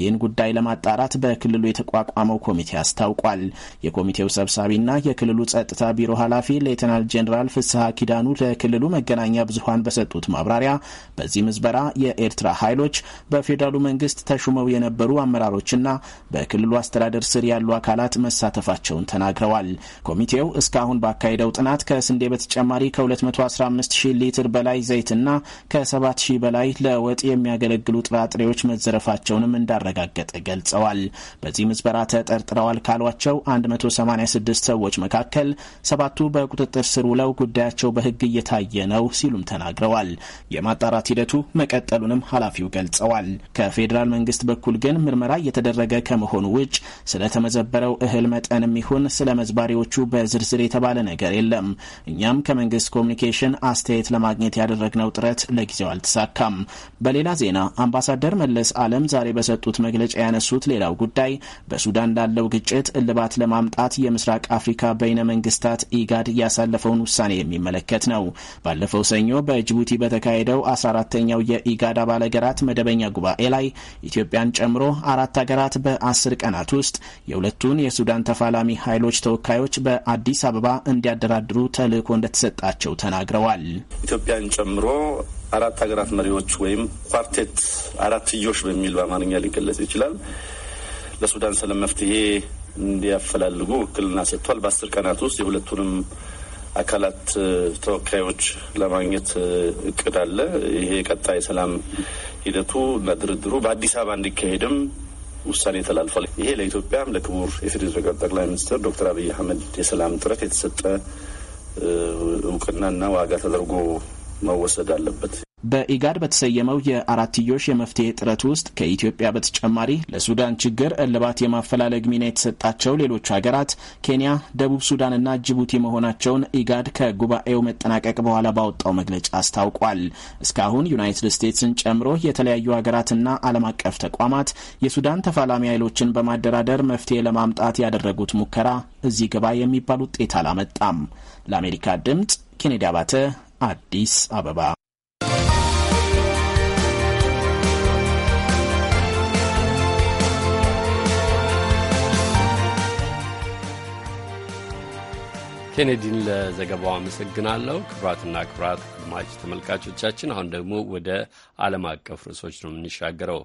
ይህን ጉዳይ ለማጣራት በክልሉ የተቋቋመው ኮሚቴ አስታውቋል። የኮሚቴው ሰብሳቢና የክልሉ ጸጥታ ቢሮ ኃላፊ ሌተናል ጄኔራል ፍስሐ ኪዳኑ ለክልሉ መገናኛ ብዙሀን በሰጡት ማብራሪያ በዚህ ምዝበራ የኤርትራ ኃይሎች በፌዴራሉ መንግስት ተሹመው የነበሩ አመራሮችና በክልሉ አስተዳደር ስር ያሉ አካላት መሳተፋቸውን ተናግረዋል። ኮሚቴው እስካሁን ባካሄደው ጥናት ከስንዴ በተጨማሪ ከ215 ሺህ ሊትር በላይ ዘይትና ከ7 ሺህ በላይ ለወጥ የሚያገለግሉ ጥራጥሬዎች መዘረፋቸውንም እንዳረጋገጠ ገልጸዋል። በዚህ ምዝበራ ተጠርጥረዋል ካሏቸው 186 ሰዎች መካከል ሰባቱ በቁጥጥር ስር ውለው ጉዳያቸው በህግ እየታየ ነው ሲሉም ተናግረዋል። የማጣራት የማጣራት ሂደቱ መቀጠሉንም ኃላፊው ገልጸዋል። ከፌዴራል መንግስት በኩል ግን ምርመራ እየተደረገ ከመሆኑ ውጭ ስለተመዘበረው እህል መጠንም ይሁን ስለ መዝባሪዎቹ በዝርዝር የተባለ ነገር የለም። እኛም ከመንግስት ኮሚኒኬሽን አስተያየት ለማግኘት ያደረግነው ጥረት ለጊዜው አልተሳካም። በሌላ ዜና አምባሳደር መለስ አለም ዛሬ በሰጡት መግለጫ ያነሱት ሌላው ጉዳይ በሱዳን ላለው ግጭት እልባት ለማምጣት የምስራቅ አፍሪካ በይነ መንግስታት ኢጋድ ያሳለፈውን ውሳኔ የሚመለከት ነው። ባለፈው ሰኞ በጅቡቲ በተካሄደው አራተኛው የኢጋድ አባል ሀገራት መደበኛ ጉባኤ ላይ ኢትዮጵያን ጨምሮ አራት ሀገራት በአስር ቀናት ውስጥ የሁለቱን የሱዳን ተፋላሚ ኃይሎች ተወካዮች በአዲስ አበባ እንዲያደራድሩ ተልእኮ እንደተሰጣቸው ተናግረዋል። ኢትዮጵያን ጨምሮ አራት ሀገራት መሪዎች ወይም ኳርቴት አራትዮሽ በሚል በአማርኛ ሊገለጽ ይችላል ለሱዳን ሰላም መፍትሄ እንዲያፈላልጉ ውክልና ሰጥቷል። በአስር ቀናት ውስጥ የሁለቱንም አካላት ተወካዮች ለማግኘት እቅድ አለ። ይሄ የቀጣይ ሰላም ሂደቱ እና ድርድሩ በአዲስ አበባ እንዲካሄድም ውሳኔ ተላልፏል። ይሄ ለኢትዮጵያም ለክቡር የፌዴራል ጠቅላይ ሚኒስትር ዶክተር አብይ አህመድ የሰላም ጥረት የተሰጠ እውቅናና ዋጋ ተደርጎ መወሰድ አለበት። በኢጋድ በተሰየመው የአራትዮሽ የመፍትሄ ጥረት ውስጥ ከኢትዮጵያ በተጨማሪ ለሱዳን ችግር እልባት የማፈላለግ ሚና የተሰጣቸው ሌሎች ሀገራት ኬንያ፣ ደቡብ ሱዳንና ጅቡቲ መሆናቸውን ኢጋድ ከጉባኤው መጠናቀቅ በኋላ ባወጣው መግለጫ አስታውቋል። እስካሁን ዩናይትድ ስቴትስን ጨምሮ የተለያዩ ሀገራትና ዓለም አቀፍ ተቋማት የሱዳን ተፋላሚ ኃይሎችን በማደራደር መፍትሄ ለማምጣት ያደረጉት ሙከራ እዚህ ግባ የሚባል ውጤት አላመጣም። ለአሜሪካ ድምጽ ኬኔዲ አባተ አዲስ አበባ ኬኔዲን ለዘገባው አመሰግናለሁ። ክብራትና ክብራት አድማጭ ተመልካቾቻችን፣ አሁን ደግሞ ወደ ዓለም አቀፍ ርዕሶች ነው የምንሻገረው።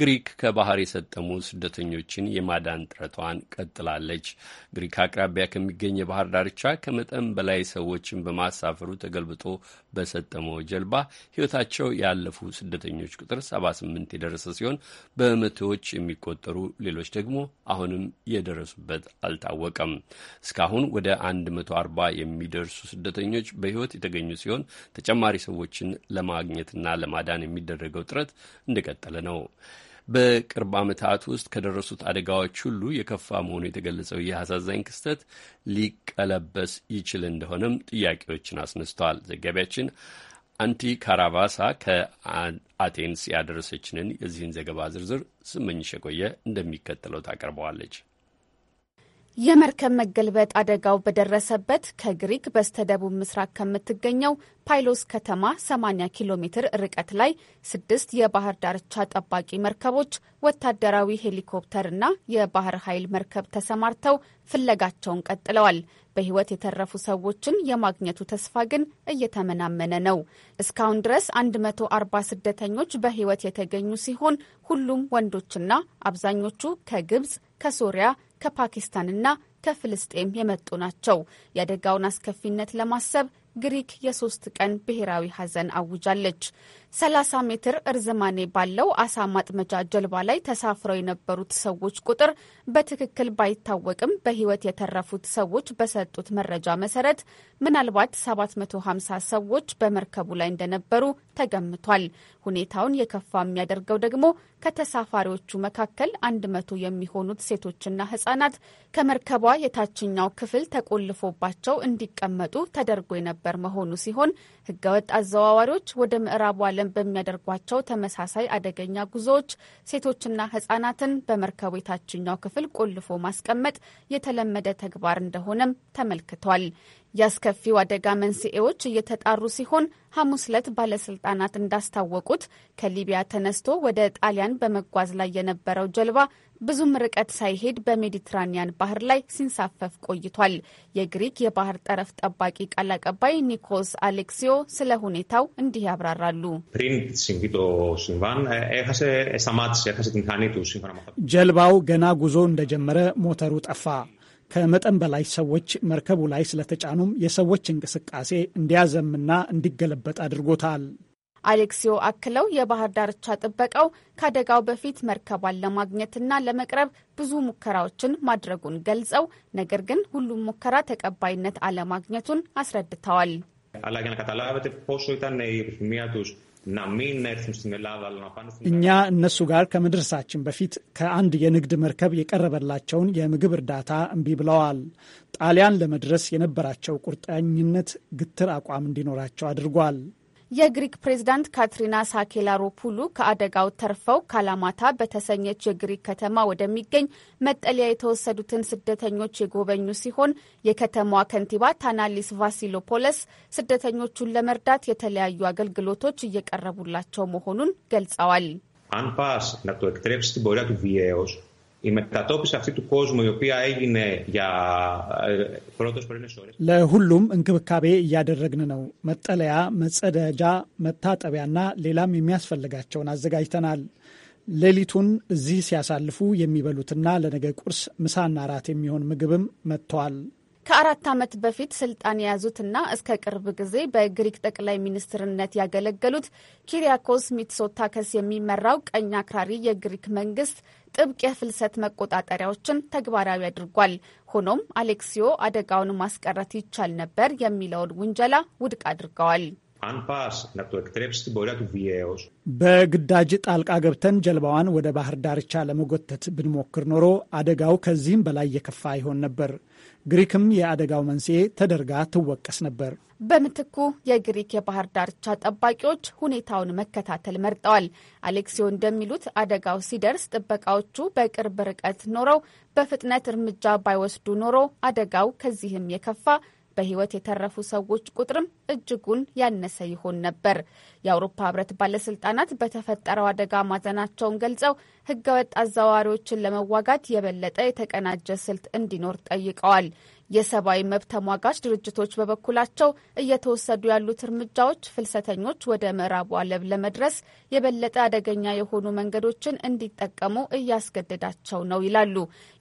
ግሪክ ከባህር የሰጠሙ ስደተኞችን የማዳን ጥረቷን ቀጥላለች። ግሪክ አቅራቢያ ከሚገኝ የባህር ዳርቻ ከመጠን በላይ ሰዎችን በማሳፈሩ ተገልብጦ በሰጠመው ጀልባ ሕይወታቸው ያለፉ ስደተኞች ቁጥር 78 የደረሰ ሲሆን በመቶዎች የሚቆጠሩ ሌሎች ደግሞ አሁንም የደረሱበት አልታወቀም። እስካሁን ወደ 140 የሚደርሱ ስደተኞች በሕይወት የተገኙ ሲሆን ተጨማሪ ሰዎችን ለማግኘትና ለማዳን የሚደረገው ጥረት እንደቀጠለ ነው። በቅርብ ዓመታት ውስጥ ከደረሱት አደጋዎች ሁሉ የከፋ መሆኑ የተገለጸው ይህ አሳዛኝ ክስተት ሊቀለበስ ይችል እንደሆነም ጥያቄዎችን አስነስተዋል። ዘጋቢያችን አንቲ ካራቫሳ ከአቴንስ ያደረሰችንን የዚህን ዘገባ ዝርዝር ስመኝሽ የቆየ እንደሚከተለው ታቀርበዋለች። የመርከብ መገልበጥ አደጋው በደረሰበት ከግሪክ በስተደቡብ ምስራቅ ከምትገኘው ፓይሎስ ከተማ 80 ኪሎ ሜትር ርቀት ላይ ስድስት የባህር ዳርቻ ጠባቂ መርከቦች፣ ወታደራዊ ሄሊኮፕተርና የባህር ኃይል መርከብ ተሰማርተው ፍለጋቸውን ቀጥለዋል። በህይወት የተረፉ ሰዎችን የማግኘቱ ተስፋ ግን እየተመናመነ ነው። እስካሁን ድረስ 140 ስደተኞች በሕይወት የተገኙ ሲሆን ሁሉም ወንዶችና አብዛኞቹ ከግብጽ ከሶሪያ ከፓኪስታንና ከፍልስጤም የመጡ ናቸው። የአደጋውን አስከፊነት ለማሰብ ግሪክ የሶስት ቀን ብሔራዊ ሐዘን አውጃለች። 30 ሜትር እርዝማኔ ባለው አሳ ማጥመጃ ጀልባ ላይ ተሳፍረው የነበሩት ሰዎች ቁጥር በትክክል ባይታወቅም በሕይወት የተረፉት ሰዎች በሰጡት መረጃ መሰረት ምናልባት 750 ሰዎች በመርከቡ ላይ እንደነበሩ ተገምቷል። ሁኔታውን የከፋ የሚያደርገው ደግሞ ከተሳፋሪዎቹ መካከል 100 የሚሆኑት ሴቶችና ሕጻናት ከመርከቧ የታችኛው ክፍል ተቆልፎባቸው እንዲቀመጡ ተደርጎ የነበር መሆኑ ሲሆን ሕገወጥ አዘዋዋሪዎች ወደ ምዕራቡ ዓለም ዓለም በሚያደርጓቸው ተመሳሳይ አደገኛ ጉዞዎች ሴቶችና ህጻናትን በመርከቡ የታችኛው ክፍል ቆልፎ ማስቀመጥ የተለመደ ተግባር እንደሆነም ተመልክቷል። የአስከፊው አደጋ መንስኤዎች እየተጣሩ ሲሆን ሐሙስ ዕለት ባለሥልጣናት እንዳስታወቁት ከሊቢያ ተነስቶ ወደ ጣሊያን በመጓዝ ላይ የነበረው ጀልባ ብዙም ርቀት ሳይሄድ በሜዲትራኒያን ባህር ላይ ሲንሳፈፍ ቆይቷል። የግሪክ የባህር ጠረፍ ጠባቂ ቃል አቀባይ ኒኮስ አሌክሲዮ ስለ ሁኔታው እንዲህ ያብራራሉ። ጀልባው ገና ጉዞ እንደጀመረ ሞተሩ ጠፋ። ከመጠን በላይ ሰዎች መርከቡ ላይ ስለተጫኑም የሰዎች እንቅስቃሴ እንዲያዘምና እንዲገለበጥ አድርጎታል። አሌክሲዮ አክለው የባህር ዳርቻ ጥበቃው ከአደጋው በፊት መርከቧን ለማግኘትና ለመቅረብ ብዙ ሙከራዎችን ማድረጉን ገልጸው ነገር ግን ሁሉም ሙከራ ተቀባይነት አለማግኘቱን አስረድተዋል። እኛ እነሱ ጋር ከመድረሳችን በፊት ከአንድ የንግድ መርከብ የቀረበላቸውን የምግብ እርዳታ እምቢ ብለዋል። ጣሊያን ለመድረስ የነበራቸው ቁርጠኝነት ግትር አቋም እንዲኖራቸው አድርጓል። የግሪክ ፕሬዝዳንት ካትሪና ሳኬላሮፑሉ ከአደጋው ተርፈው ካላማታ በተሰኘች የግሪክ ከተማ ወደሚገኝ መጠለያ የተወሰዱትን ስደተኞች የጎበኙ ሲሆን የከተማዋ ከንቲባ ታናሊስ ቫሲሎፖለስ ስደተኞቹን ለመርዳት የተለያዩ አገልግሎቶች እየቀረቡላቸው መሆኑን ገልጸዋል። η μετατόπιση αυτή του κόσμου η οποία έγινε για πρώτες ώρες ለሁሉም እንክብካቤ እያደረግን ነው። መጠለያ፣ መጸደጃ፣ መታጠቢያና ሌላም የሚያስፈልጋቸውን አዘጋጅተናል። ሌሊቱን እዚህ ሲያሳልፉ የሚበሉትና ለነገ ቁርስ ምሳና ራት የሚሆን ምግብም መጥተዋል። ከአራት ዓመት በፊት ስልጣን የያዙትና እስከ ቅርብ ጊዜ በግሪክ ጠቅላይ ሚኒስትርነት ያገለገሉት ኪሪያኮስ ሚትሶታከስ የሚመራው ቀኝ አክራሪ የግሪክ መንግስት ጥብቅ የፍልሰት መቆጣጠሪያዎችን ተግባራዊ አድርጓል። ሆኖም አሌክሲዮ አደጋውን ማስቀረት ይቻል ነበር የሚለውን ውንጀላ ውድቅ አድርገዋል። በግዳጅ ጣልቃ ገብተን ጀልባዋን ወደ ባህር ዳርቻ ለመጎተት ብንሞክር ኖሮ አደጋው ከዚህም በላይ የከፋ ይሆን ነበር። ግሪክም የአደጋው መንስኤ ተደርጋ ትወቀስ ነበር። በምትኩ የግሪክ የባህር ዳርቻ ጠባቂዎች ሁኔታውን መከታተል መርጠዋል። አሌክሲዮ እንደሚሉት አደጋው ሲደርስ ጥበቃዎቹ በቅርብ ርቀት ኖረው በፍጥነት እርምጃ ባይወስዱ ኖሮ አደጋው ከዚህም የከፋ በሕይወት የተረፉ ሰዎች ቁጥርም እጅጉን ያነሰ ይሆን ነበር። የአውሮፓ ህብረት ባለስልጣናት በተፈጠረው አደጋ ማዘናቸውን ገልጸው ህገወጥ አዘዋዋሪዎችን ለመዋጋት የበለጠ የተቀናጀ ስልት እንዲኖር ጠይቀዋል። የሰብአዊ መብት ተሟጋች ድርጅቶች በበኩላቸው እየተወሰዱ ያሉት እርምጃዎች ፍልሰተኞች ወደ ምዕራቡ ዓለም ለመድረስ የበለጠ አደገኛ የሆኑ መንገዶችን እንዲጠቀሙ እያስገደዳቸው ነው ይላሉ።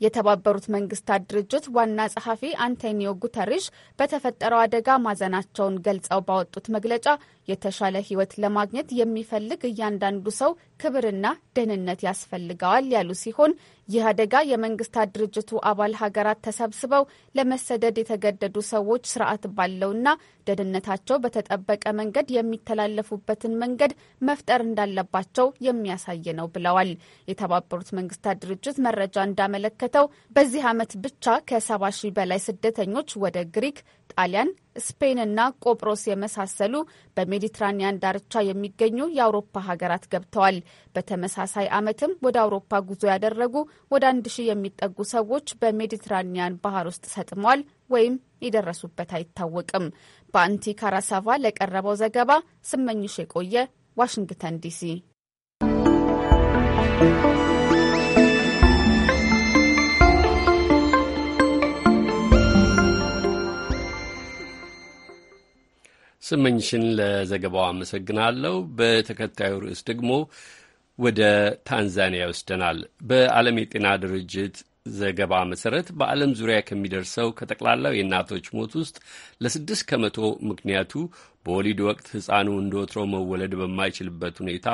የተባበሩት መንግስታት ድርጅት ዋና ጸሐፊ አንቶኒዮ ጉተሪሽ በተፈጠረው አደጋ ማዘናቸውን ገልጸው ገልጸው ባወጡት መግለጫ የተሻለ ህይወት ለማግኘት የሚፈልግ እያንዳንዱ ሰው ክብርና ደህንነት ያስፈልገዋል ያሉ ሲሆን ይህ አደጋ የመንግስታት ድርጅቱ አባል ሀገራት ተሰብስበው ለመሰደድ የተገደዱ ሰዎች ስርዓት ባለውና ደህንነታቸው በተጠበቀ መንገድ የሚተላለፉበትን መንገድ መፍጠር እንዳለባቸው የሚያሳይ ነው ብለዋል። የተባበሩት መንግስታት ድርጅት መረጃ እንዳመለከተው በዚህ ዓመት ብቻ ከሰባ ሺህ በላይ ስደተኞች ወደ ግሪክ፣ ጣሊያን፣ ስፔንና እና ቆጵሮስ የመሳሰሉ በሜ በሜዲትራኒያን ዳርቻ የሚገኙ የአውሮፓ ሀገራት ገብተዋል። በተመሳሳይ ዓመትም ወደ አውሮፓ ጉዞ ያደረጉ ወደ አንድ ሺህ የሚጠጉ ሰዎች በሜዲትራኒያን ባህር ውስጥ ሰጥመዋል ወይም የደረሱበት አይታወቅም። በአንቲ ካራሳቫ ለቀረበው ዘገባ ስመኝሽ የቆየ ዋሽንግተን ዲሲ። ስመኝሽን ለዘገባው አመሰግናለሁ። በተከታዩ ርዕስ ደግሞ ወደ ታንዛኒያ ይወስደናል። በዓለም የጤና ድርጅት ዘገባ መሰረት በዓለም ዙሪያ ከሚደርሰው ከጠቅላላው የእናቶች ሞት ውስጥ ለስድስት ከመቶ ምክንያቱ በወሊድ ወቅት ሕፃኑ እንደወትሮ መወለድ በማይችልበት ሁኔታ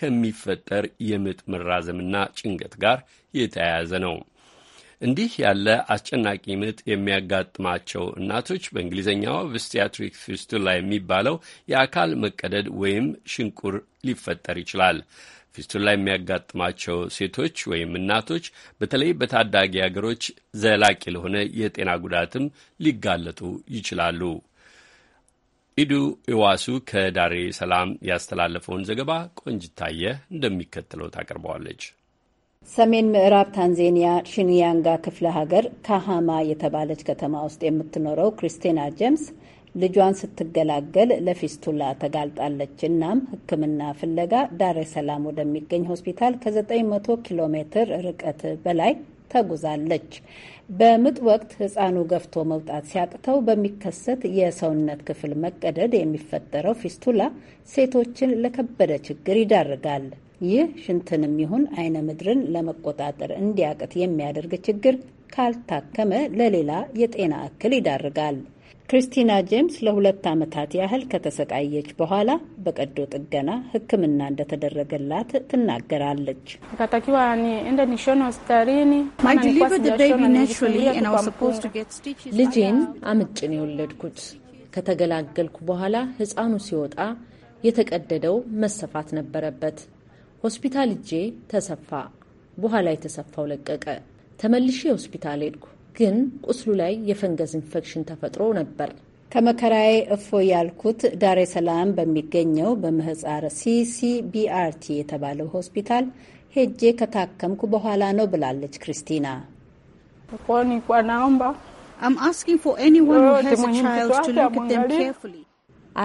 ከሚፈጠር የምጥ መራዘምና ጭንቀት ጋር የተያያዘ ነው። እንዲህ ያለ አስጨናቂ ምጥ የሚያጋጥማቸው እናቶች በእንግሊዝኛው ቪስቲያትሪክ ፊስቱላ የሚባለው የአካል መቀደድ ወይም ሽንቁር ሊፈጠር ይችላል። ፊስቱላ የሚያጋጥማቸው ሴቶች ወይም እናቶች በተለይ በታዳጊ አገሮች ዘላቂ ለሆነ የጤና ጉዳትም ሊጋለጡ ይችላሉ። ኢዱ ኢዋሱ ከዳሬ ሰላም ያስተላለፈውን ዘገባ ቆንጅታየ እንደሚከተለው ታቀርበዋለች። ሰሜን ምዕራብ ታንዜኒያ ሽንያንጋ ክፍለ ሀገር ካሃማ የተባለች ከተማ ውስጥ የምትኖረው ክሪስቲና ጄምስ ልጇን ስትገላገል ለፊስቱላ ተጋልጣለች። እናም ሕክምና ፍለጋ ዳሬ ሰላም ወደሚገኝ ሆስፒታል ከ900 ኪሎ ሜትር ርቀት በላይ ተጉዛለች። በምጥ ወቅት ህፃኑ ገፍቶ መውጣት ሲያቅተው በሚከሰት የሰውነት ክፍል መቀደድ የሚፈጠረው ፊስቱላ ሴቶችን ለከበደ ችግር ይዳርጋል። ይህ ሽንትንም ይሁን አይነ ምድርን ለመቆጣጠር እንዲያቅት የሚያደርግ ችግር ካልታከመ ለሌላ የጤና እክል ይዳርጋል። ክሪስቲና ጄምስ ለሁለት ዓመታት ያህል ከተሰቃየች በኋላ በቀዶ ጥገና ሕክምና እንደተደረገላት ትናገራለች። ልጄን አምጭን የወለድኩት ከተገላገልኩ በኋላ ሕፃኑ ሲወጣ የተቀደደው መሰፋት ነበረበት። ሆስፒታል እጄ ተሰፋ፣ በኋላ የተሰፋው ለቀቀ። ተመልሼ ሆስፒታል ሄድኩ፣ ግን ቁስሉ ላይ የፈንገስ ኢንፌክሽን ተፈጥሮ ነበር። ከመከራዬ እፎ ያልኩት ዳሬ ሰላም በሚገኘው በምህፃር ሲሲቢአርቲ የተባለው ሆስፒታል ሄጄ ከታከምኩ በኋላ ነው ብላለች ክርስቲና። oh,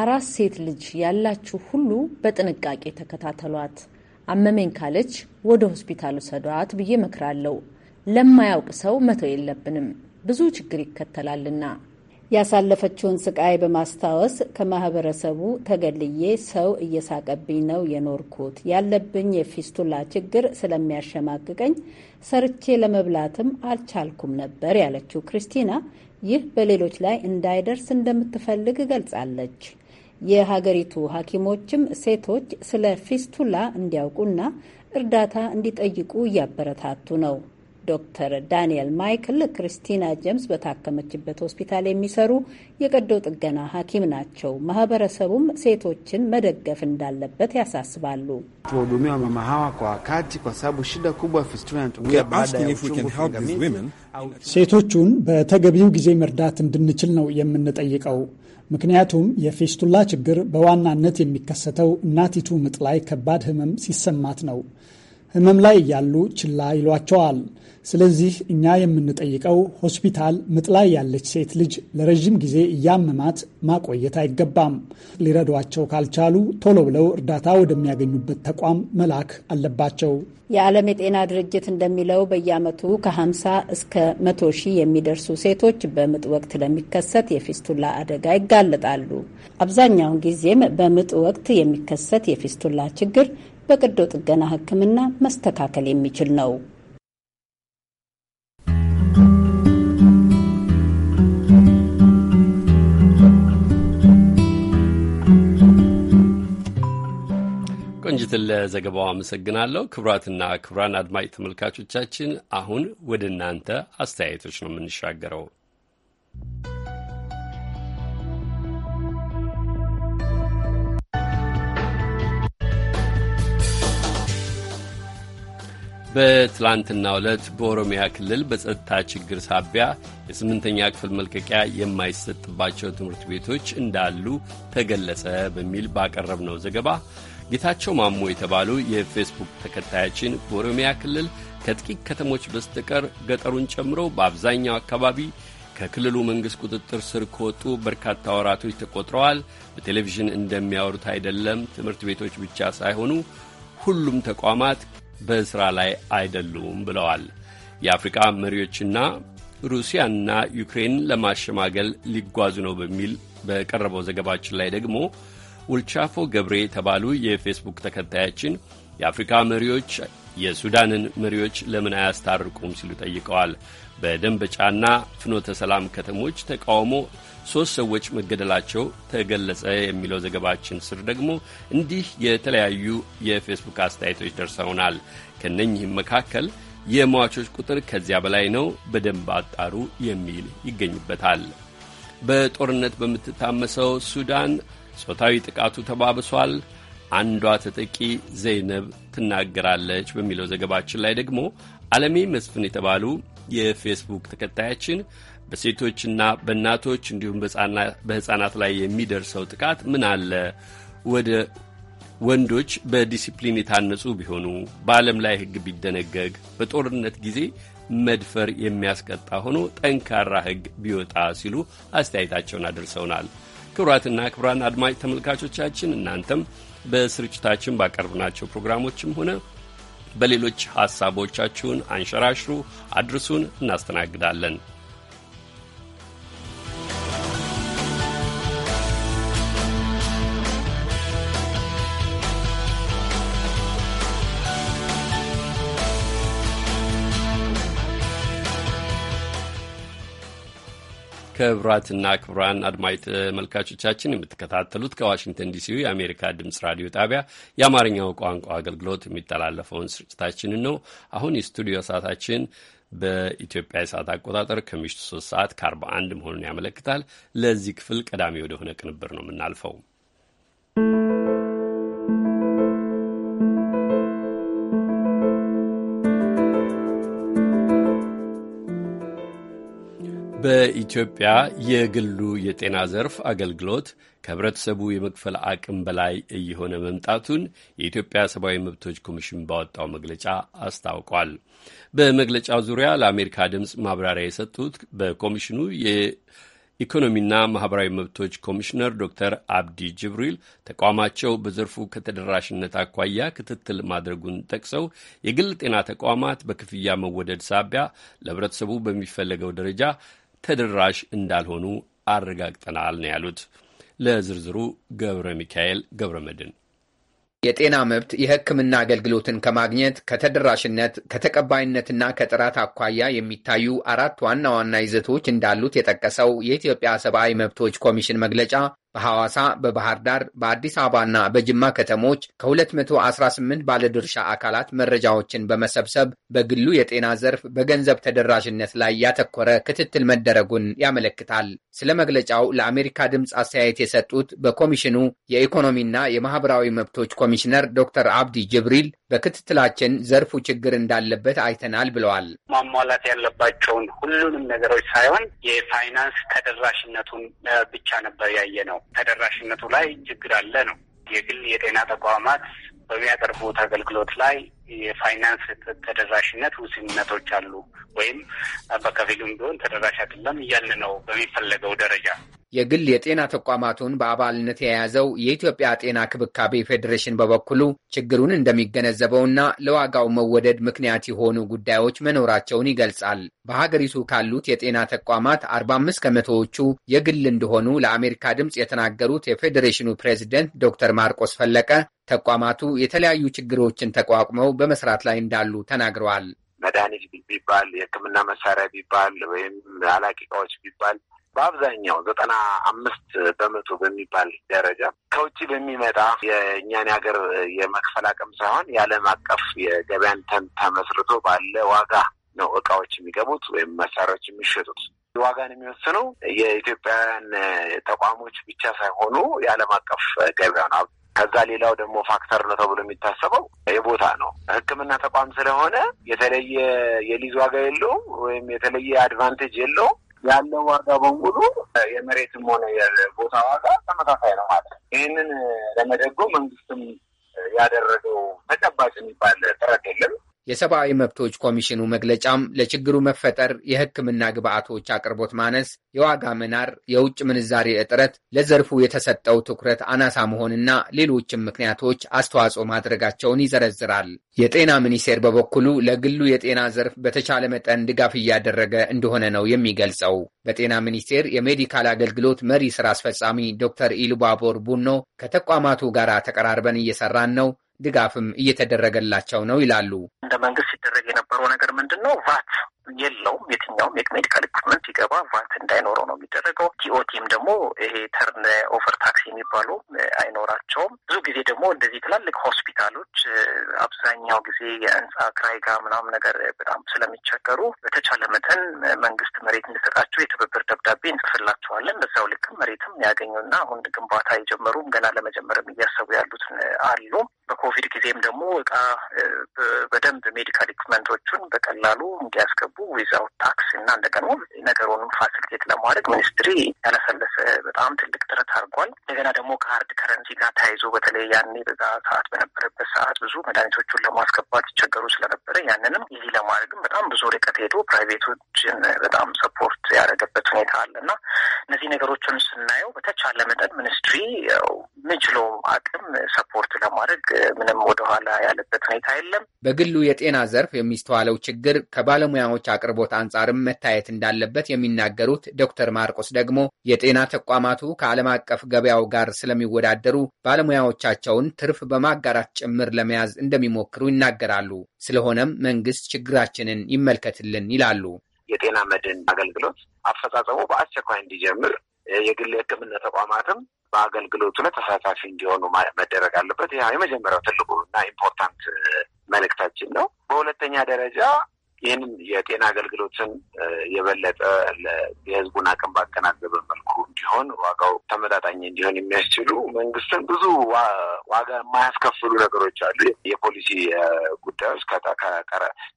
አራት ሴት ልጅ ያላችሁ ሁሉ በጥንቃቄ ተከታተሏት። አመመኝ ካለች ወደ ሆስፒታል ውሰዷት ብዬ መክራለሁ። ለማያውቅ ሰው መተው የለብንም ብዙ ችግር ይከተላልና። ያሳለፈችውን ስቃይ በማስታወስ ከማህበረሰቡ ተገልዬ ሰው እየሳቀብኝ ነው የኖርኩት። ያለብኝ የፊስቱላ ችግር ስለሚያሸማቅቀኝ ሰርቼ ለመብላትም አልቻልኩም ነበር ያለችው ክርስቲና ይህ በሌሎች ላይ እንዳይደርስ እንደምትፈልግ ገልጻለች። የሀገሪቱ ሐኪሞችም ሴቶች ስለ ፊስቱላ እንዲያውቁና እርዳታ እንዲጠይቁ እያበረታቱ ነው። ዶክተር ዳንኤል ማይክል ክሪስቲና ጄምስ በታከመችበት ሆስፒታል የሚሰሩ የቀዶ ጥገና ሐኪም ናቸው። ማህበረሰቡም ሴቶችን መደገፍ እንዳለበት ያሳስባሉ። ሴቶቹን በተገቢው ጊዜ መርዳት እንድንችል ነው የምንጠይቀው። ምክንያቱም የፌስቱላ ችግር በዋናነት የሚከሰተው እናቲቱ ምጥ ላይ ከባድ ህመም ሲሰማት ነው። ህመም ላይ እያሉ ችላ ይሏቸዋል። ስለዚህ እኛ የምንጠይቀው ሆስፒታል ምጥ ላይ ያለች ሴት ልጅ ለረዥም ጊዜ እያመማት ማቆየት አይገባም። ሊረዷቸው ካልቻሉ ቶሎ ብለው እርዳታ ወደሚያገኙበት ተቋም መላክ አለባቸው። የዓለም የጤና ድርጅት እንደሚለው በየዓመቱ ከ50 እስከ 100 ሺህ የሚደርሱ ሴቶች በምጥ ወቅት ለሚከሰት የፊስቱላ አደጋ ይጋለጣሉ። አብዛኛውን ጊዜም በምጥ ወቅት የሚከሰት የፊስቱላ ችግር በቅዶ ጥገና ሕክምና መስተካከል የሚችል ነው። ቆንጅትን ለዘገባው አመሰግናለሁ። ክቡራትና ክቡራን አድማጭ ተመልካቾቻችን አሁን ወደ እናንተ አስተያየቶች ነው የምንሻገረው። በትላንትና ዕለት በኦሮሚያ ክልል በጸጥታ ችግር ሳቢያ የስምንተኛ ክፍል መልቀቂያ የማይሰጥባቸው ትምህርት ቤቶች እንዳሉ ተገለጸ በሚል ባቀረብነው ዘገባ ጌታቸው ማሞ የተባሉ የፌስቡክ ተከታያችን በኦሮሚያ ክልል ከጥቂት ከተሞች በስተቀር ገጠሩን ጨምሮ በአብዛኛው አካባቢ ከክልሉ መንግሥት ቁጥጥር ስር ከወጡ በርካታ ወራቶች ተቆጥረዋል። በቴሌቪዥን እንደሚያወሩት አይደለም። ትምህርት ቤቶች ብቻ ሳይሆኑ ሁሉም ተቋማት በሥራ ላይ አይደሉም ብለዋል። የአፍሪቃ መሪዎችና ሩሲያና ዩክሬን ለማሸማገል ሊጓዙ ነው በሚል በቀረበው ዘገባችን ላይ ደግሞ ውልቻፎ ገብሬ የተባሉ የፌስቡክ ተከታያችን የአፍሪካ መሪዎች የሱዳንን መሪዎች ለምን አያስታርቁም ሲሉ ጠይቀዋል። በደንበጫና ፍኖተ ሰላም ከተሞች ተቃውሞ ሶስት ሰዎች መገደላቸው ተገለጸ የሚለው ዘገባችን ስር ደግሞ እንዲህ የተለያዩ የፌስቡክ አስተያየቶች ደርሰውናል። ከነኚህም መካከል የሟቾች ቁጥር ከዚያ በላይ ነው፣ በደንብ አጣሩ የሚል ይገኝበታል። በጦርነት በምትታመሰው ሱዳን ጾታዊ ጥቃቱ ተባብሷል። አንዷ ተጠቂ ዘይነብ ትናገራለች በሚለው ዘገባችን ላይ ደግሞ አለሜ መስፍን የተባሉ የፌስቡክ ተከታያችን በሴቶችና በእናቶች እንዲሁም በሕፃናት ላይ የሚደርሰው ጥቃት ምን አለ ወደ ወንዶች በዲሲፕሊን የታነጹ ቢሆኑ በዓለም ላይ ሕግ ቢደነገግ በጦርነት ጊዜ መድፈር የሚያስቀጣ ሆኖ ጠንካራ ሕግ ቢወጣ ሲሉ አስተያየታቸውን አድርሰውናል። ክቡራትና ክቡራን አድማጭ ተመልካቾቻችን እናንተም በስርጭታችን ባቀርብናቸው ፕሮግራሞችም ሆነ በሌሎች ሐሳቦቻችሁን አንሸራሽሩ፣ አድርሱን፣ እናስተናግዳለን። ክቡራትና ክቡራን አድማጭ ተመልካቾቻችን የምትከታተሉት ከዋሽንግተን ዲሲ የአሜሪካ ድምፅ ራዲዮ ጣቢያ የአማርኛው ቋንቋ አገልግሎት የሚተላለፈውን ስርጭታችንን ነው። አሁን የስቱዲዮ ሰዓታችን በኢትዮጵያ የሰዓት አቆጣጠር ከምሽቱ ሶስት ሰዓት ከአርባ አንድ መሆኑን ያመለክታል። ለዚህ ክፍል ቀዳሚ ወደሆነ ቅንብር ነው የምናልፈው። በኢትዮጵያ የግሉ የጤና ዘርፍ አገልግሎት ከህብረተሰቡ የመክፈል አቅም በላይ እየሆነ መምጣቱን የኢትዮጵያ ሰብአዊ መብቶች ኮሚሽን ባወጣው መግለጫ አስታውቋል። በመግለጫው ዙሪያ ለአሜሪካ ድምፅ ማብራሪያ የሰጡት በኮሚሽኑ ኢኮኖሚና ማህበራዊ መብቶች ኮሚሽነር ዶክተር አብዲ ጅብሪል ተቋማቸው በዘርፉ ከተደራሽነት አኳያ ክትትል ማድረጉን ጠቅሰው የግል ጤና ተቋማት በክፍያ መወደድ ሳቢያ ለህብረተሰቡ በሚፈለገው ደረጃ ተደራሽ እንዳልሆኑ አረጋግጠናል ነው ያሉት። ለዝርዝሩ ገብረ ሚካኤል ገብረ መድን የጤና መብት የሕክምና አገልግሎትን ከማግኘት ከተደራሽነት፣ ከተቀባይነትና ከጥራት አኳያ የሚታዩ አራት ዋና ዋና ይዘቶች እንዳሉት የጠቀሰው የኢትዮጵያ ሰብአዊ መብቶች ኮሚሽን መግለጫ በሐዋሳ፣ በባህር ዳር፣ በአዲስ አበባና በጅማ ከተሞች ከ218 ባለድርሻ አካላት መረጃዎችን በመሰብሰብ በግሉ የጤና ዘርፍ በገንዘብ ተደራሽነት ላይ ያተኮረ ክትትል መደረጉን ያመለክታል። ስለ መግለጫው ለአሜሪካ ድምፅ አስተያየት የሰጡት በኮሚሽኑ የኢኮኖሚና የማህበራዊ መብቶች ኮሚሽነር ዶክተር አብዲ ጅብሪል በክትትላችን ዘርፉ ችግር እንዳለበት አይተናል ብለዋል። ማሟላት ያለባቸውን ሁሉንም ነገሮች ሳይሆን የፋይናንስ ተደራሽነቱን ብቻ ነበር ያየ ነው። ተደራሽነቱ ላይ ችግር አለ ነው። የግል የጤና ተቋማት በሚያቀርቡት አገልግሎት ላይ የፋይናንስ ተደራሽነት ውስንነቶች አሉ ወይም በከፊሉም ቢሆን ተደራሽ አይደለም እያልን ነው በሚፈለገው ደረጃ። የግል የጤና ተቋማቱን በአባልነት የያዘው የኢትዮጵያ ጤና ክብካቤ ፌዴሬሽን በበኩሉ ችግሩን እንደሚገነዘበውና ለዋጋው መወደድ ምክንያት የሆኑ ጉዳዮች መኖራቸውን ይገልጻል። በሀገሪቱ ካሉት የጤና ተቋማት 45 ከመቶዎቹ የግል እንደሆኑ ለአሜሪካ ድምፅ የተናገሩት የፌዴሬሽኑ ፕሬዚደንት ዶክተር ማርቆስ ፈለቀ ተቋማቱ የተለያዩ ችግሮችን ተቋቁመው በመስራት ላይ እንዳሉ ተናግረዋል። መድኃኒት ቢባል የሕክምና መሳሪያ ቢባል ወይም አላቂ እቃዎች ቢባል በአብዛኛው ዘጠና አምስት በመቶ በሚባል ደረጃ ከውጭ በሚመጣ የእኛን ሀገር የመክፈል አቅም ሳይሆን የዓለም አቀፍ የገበያን ተመስርቶ ባለ ዋጋ ነው እቃዎች የሚገቡት ወይም መሳሪያዎች የሚሸጡት። ዋጋን የሚወስነው የኢትዮጵያውያን ተቋሞች ብቻ ሳይሆኑ የዓለም አቀፍ ገበያ ነው። ከዛ ሌላው ደግሞ ፋክተር ነው ተብሎ የሚታሰበው የቦታ ነው። ሕክምና ተቋም ስለሆነ የተለየ የሊዝ ዋጋ የለውም ወይም የተለየ አድቫንቴጅ የለውም። ያለው ዋጋ በሙሉ የመሬትም ሆነ የቦታ ዋጋ ተመሳሳይ ነው ማለት ነው። ይህንን ለመደጎ መንግስትም ያደረገው ተጨባጭ የሚባል ጥረት የለም። የሰብአዊ መብቶች ኮሚሽኑ መግለጫም ለችግሩ መፈጠር የሕክምና ግብዓቶች አቅርቦት ማነስ፣ የዋጋ መናር፣ የውጭ ምንዛሬ እጥረት፣ ለዘርፉ የተሰጠው ትኩረት አናሳ መሆንና ሌሎችም ምክንያቶች አስተዋጽኦ ማድረጋቸውን ይዘረዝራል። የጤና ሚኒስቴር በበኩሉ ለግሉ የጤና ዘርፍ በተቻለ መጠን ድጋፍ እያደረገ እንደሆነ ነው የሚገልጸው። በጤና ሚኒስቴር የሜዲካል አገልግሎት መሪ ስራ አስፈጻሚ ዶክተር ኢልባቦር ቡኖ ከተቋማቱ ጋር ተቀራርበን እየሰራን ነው ድጋፍም እየተደረገላቸው ነው ይላሉ። እንደ መንግስት ሲደረግ የነበረው ነገር ምንድን ነው? ቫት የለውም። የትኛውም የሜዲካል ኢኩፕመንት ሲገባ ቫት እንዳይኖረው ነው የሚደረገው። ቲኦቲም ደግሞ ይሄ ተርን ኦቨር ታክስ የሚባሉ አይኖራቸውም። ብዙ ጊዜ ደግሞ እንደዚህ ትላልቅ ሆስፒታሎች አብዛኛው ጊዜ የህንፃ ክራይ ጋር ምናምን ነገር በጣም ስለሚቸገሩ በተቻለ መጠን መንግስት መሬት እንዲሰጣቸው የትብብር ደብዳቤ እንጽፍላቸዋለን። በዛው ልክም መሬትም ያገኙና አሁን ግንባታ የጀመሩም ገና ለመጀመርም እያሰቡ ያሉት አሉ። በኮቪድ ጊዜም ደግሞ እቃ በደንብ ሜዲካል ኢኩፕመንቶቹን በቀላሉ እንዲያስገቡ ዊዛውት ታክስ እና እንደቀድሞ ነገሩንም ፋሲሊቴት ለማድረግ ሚኒስትሪ ያለሰለሰ በጣም ትልቅ ጥረት አድርጓል። እንደገና ደግሞ ከሀርድ ከረንሲ ጋር ተያይዞ በተለይ ያኔ በዛ ሰዓት በነበረበት ሰዓት ብዙ መድኃኒቶቹን ለማስገባት ይቸገሩ ስለነበረ ያንንም ይህ ለማድረግም በጣም ብዙ ርቀት ሄዶ ፕራይቬቶችን በጣም ሰፖርት ያደረገበት ሁኔታ አለ እና እነዚህ ነገሮችን ስናየው በተቻለ መጠን ሚኒስትሪ ምንችለው አቅም ሰፖርት ለማድረግ ምንም ወደኋላ ያለበት ሁኔታ የለም። በግሉ የጤና ዘርፍ የሚስተዋለው ችግር ከባለሙያዎች አቅርቦት አንጻርም መታየት እንዳለበት የሚናገሩት ዶክተር ማርቆስ ደግሞ የጤና ተቋማቱ ከዓለም አቀፍ ገበያው ጋር ስለሚወዳደሩ ባለሙያዎቻቸውን ትርፍ በማጋራት ጭምር ለመያዝ እንደሚሞክሩ ይናገራሉ። ስለሆነም መንግስት ችግራችንን ይመልከትልን ይላሉ። የጤና መድን አገልግሎት አፈጻጸሙ በአስቸኳይ እንዲጀምር የግል የሕክምና ተቋማትም በአገልግሎቱ ላይ ተሳታፊ እንዲሆኑ መደረግ አለበት። ይህ የመጀመሪያው ትልቁ እና ኢምፖርታንት መልእክታችን ነው። በሁለተኛ ደረጃ ይህንን የጤና አገልግሎትን የበለጠ የህዝቡን አቅም ባገናዘበ መልኩ እንዲሆን ዋጋው ተመጣጣኝ እንዲሆን የሚያስችሉ መንግስትን ብዙ ዋጋ የማያስከፍሉ ነገሮች አሉ። የፖሊሲ ጉዳዮች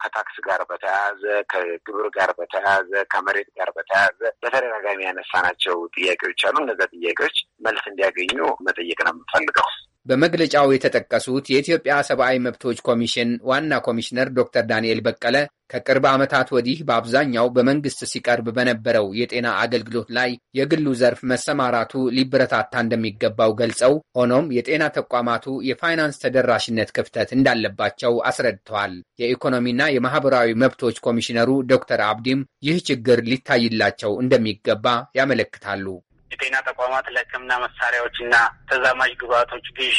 ከታክስ ጋር በተያያዘ ከግብር ጋር በተያያዘ ከመሬት ጋር በተያያዘ በተደጋጋሚ ያነሳናቸው ጥያቄዎች አሉ። እነዚያ ጥያቄዎች መልስ እንዲያገኙ መጠየቅ ነው የምፈልገው። በመግለጫው የተጠቀሱት የኢትዮጵያ ሰብአዊ መብቶች ኮሚሽን ዋና ኮሚሽነር ዶክተር ዳንኤል በቀለ ከቅርብ ዓመታት ወዲህ በአብዛኛው በመንግስት ሲቀርብ በነበረው የጤና አገልግሎት ላይ የግሉ ዘርፍ መሰማራቱ ሊበረታታ እንደሚገባው ገልጸው ሆኖም የጤና ተቋማቱ የፋይናንስ ተደራሽነት ክፍተት እንዳለባቸው አስረድተዋል። የኢኮኖሚና የማህበራዊ መብቶች ኮሚሽነሩ ዶክተር አብዲም ይህ ችግር ሊታይላቸው እንደሚገባ ያመለክታሉ። የጤና ተቋማት ለሕክምና መሳሪያዎች እና ተዛማጅ ግብዓቶች ግዢ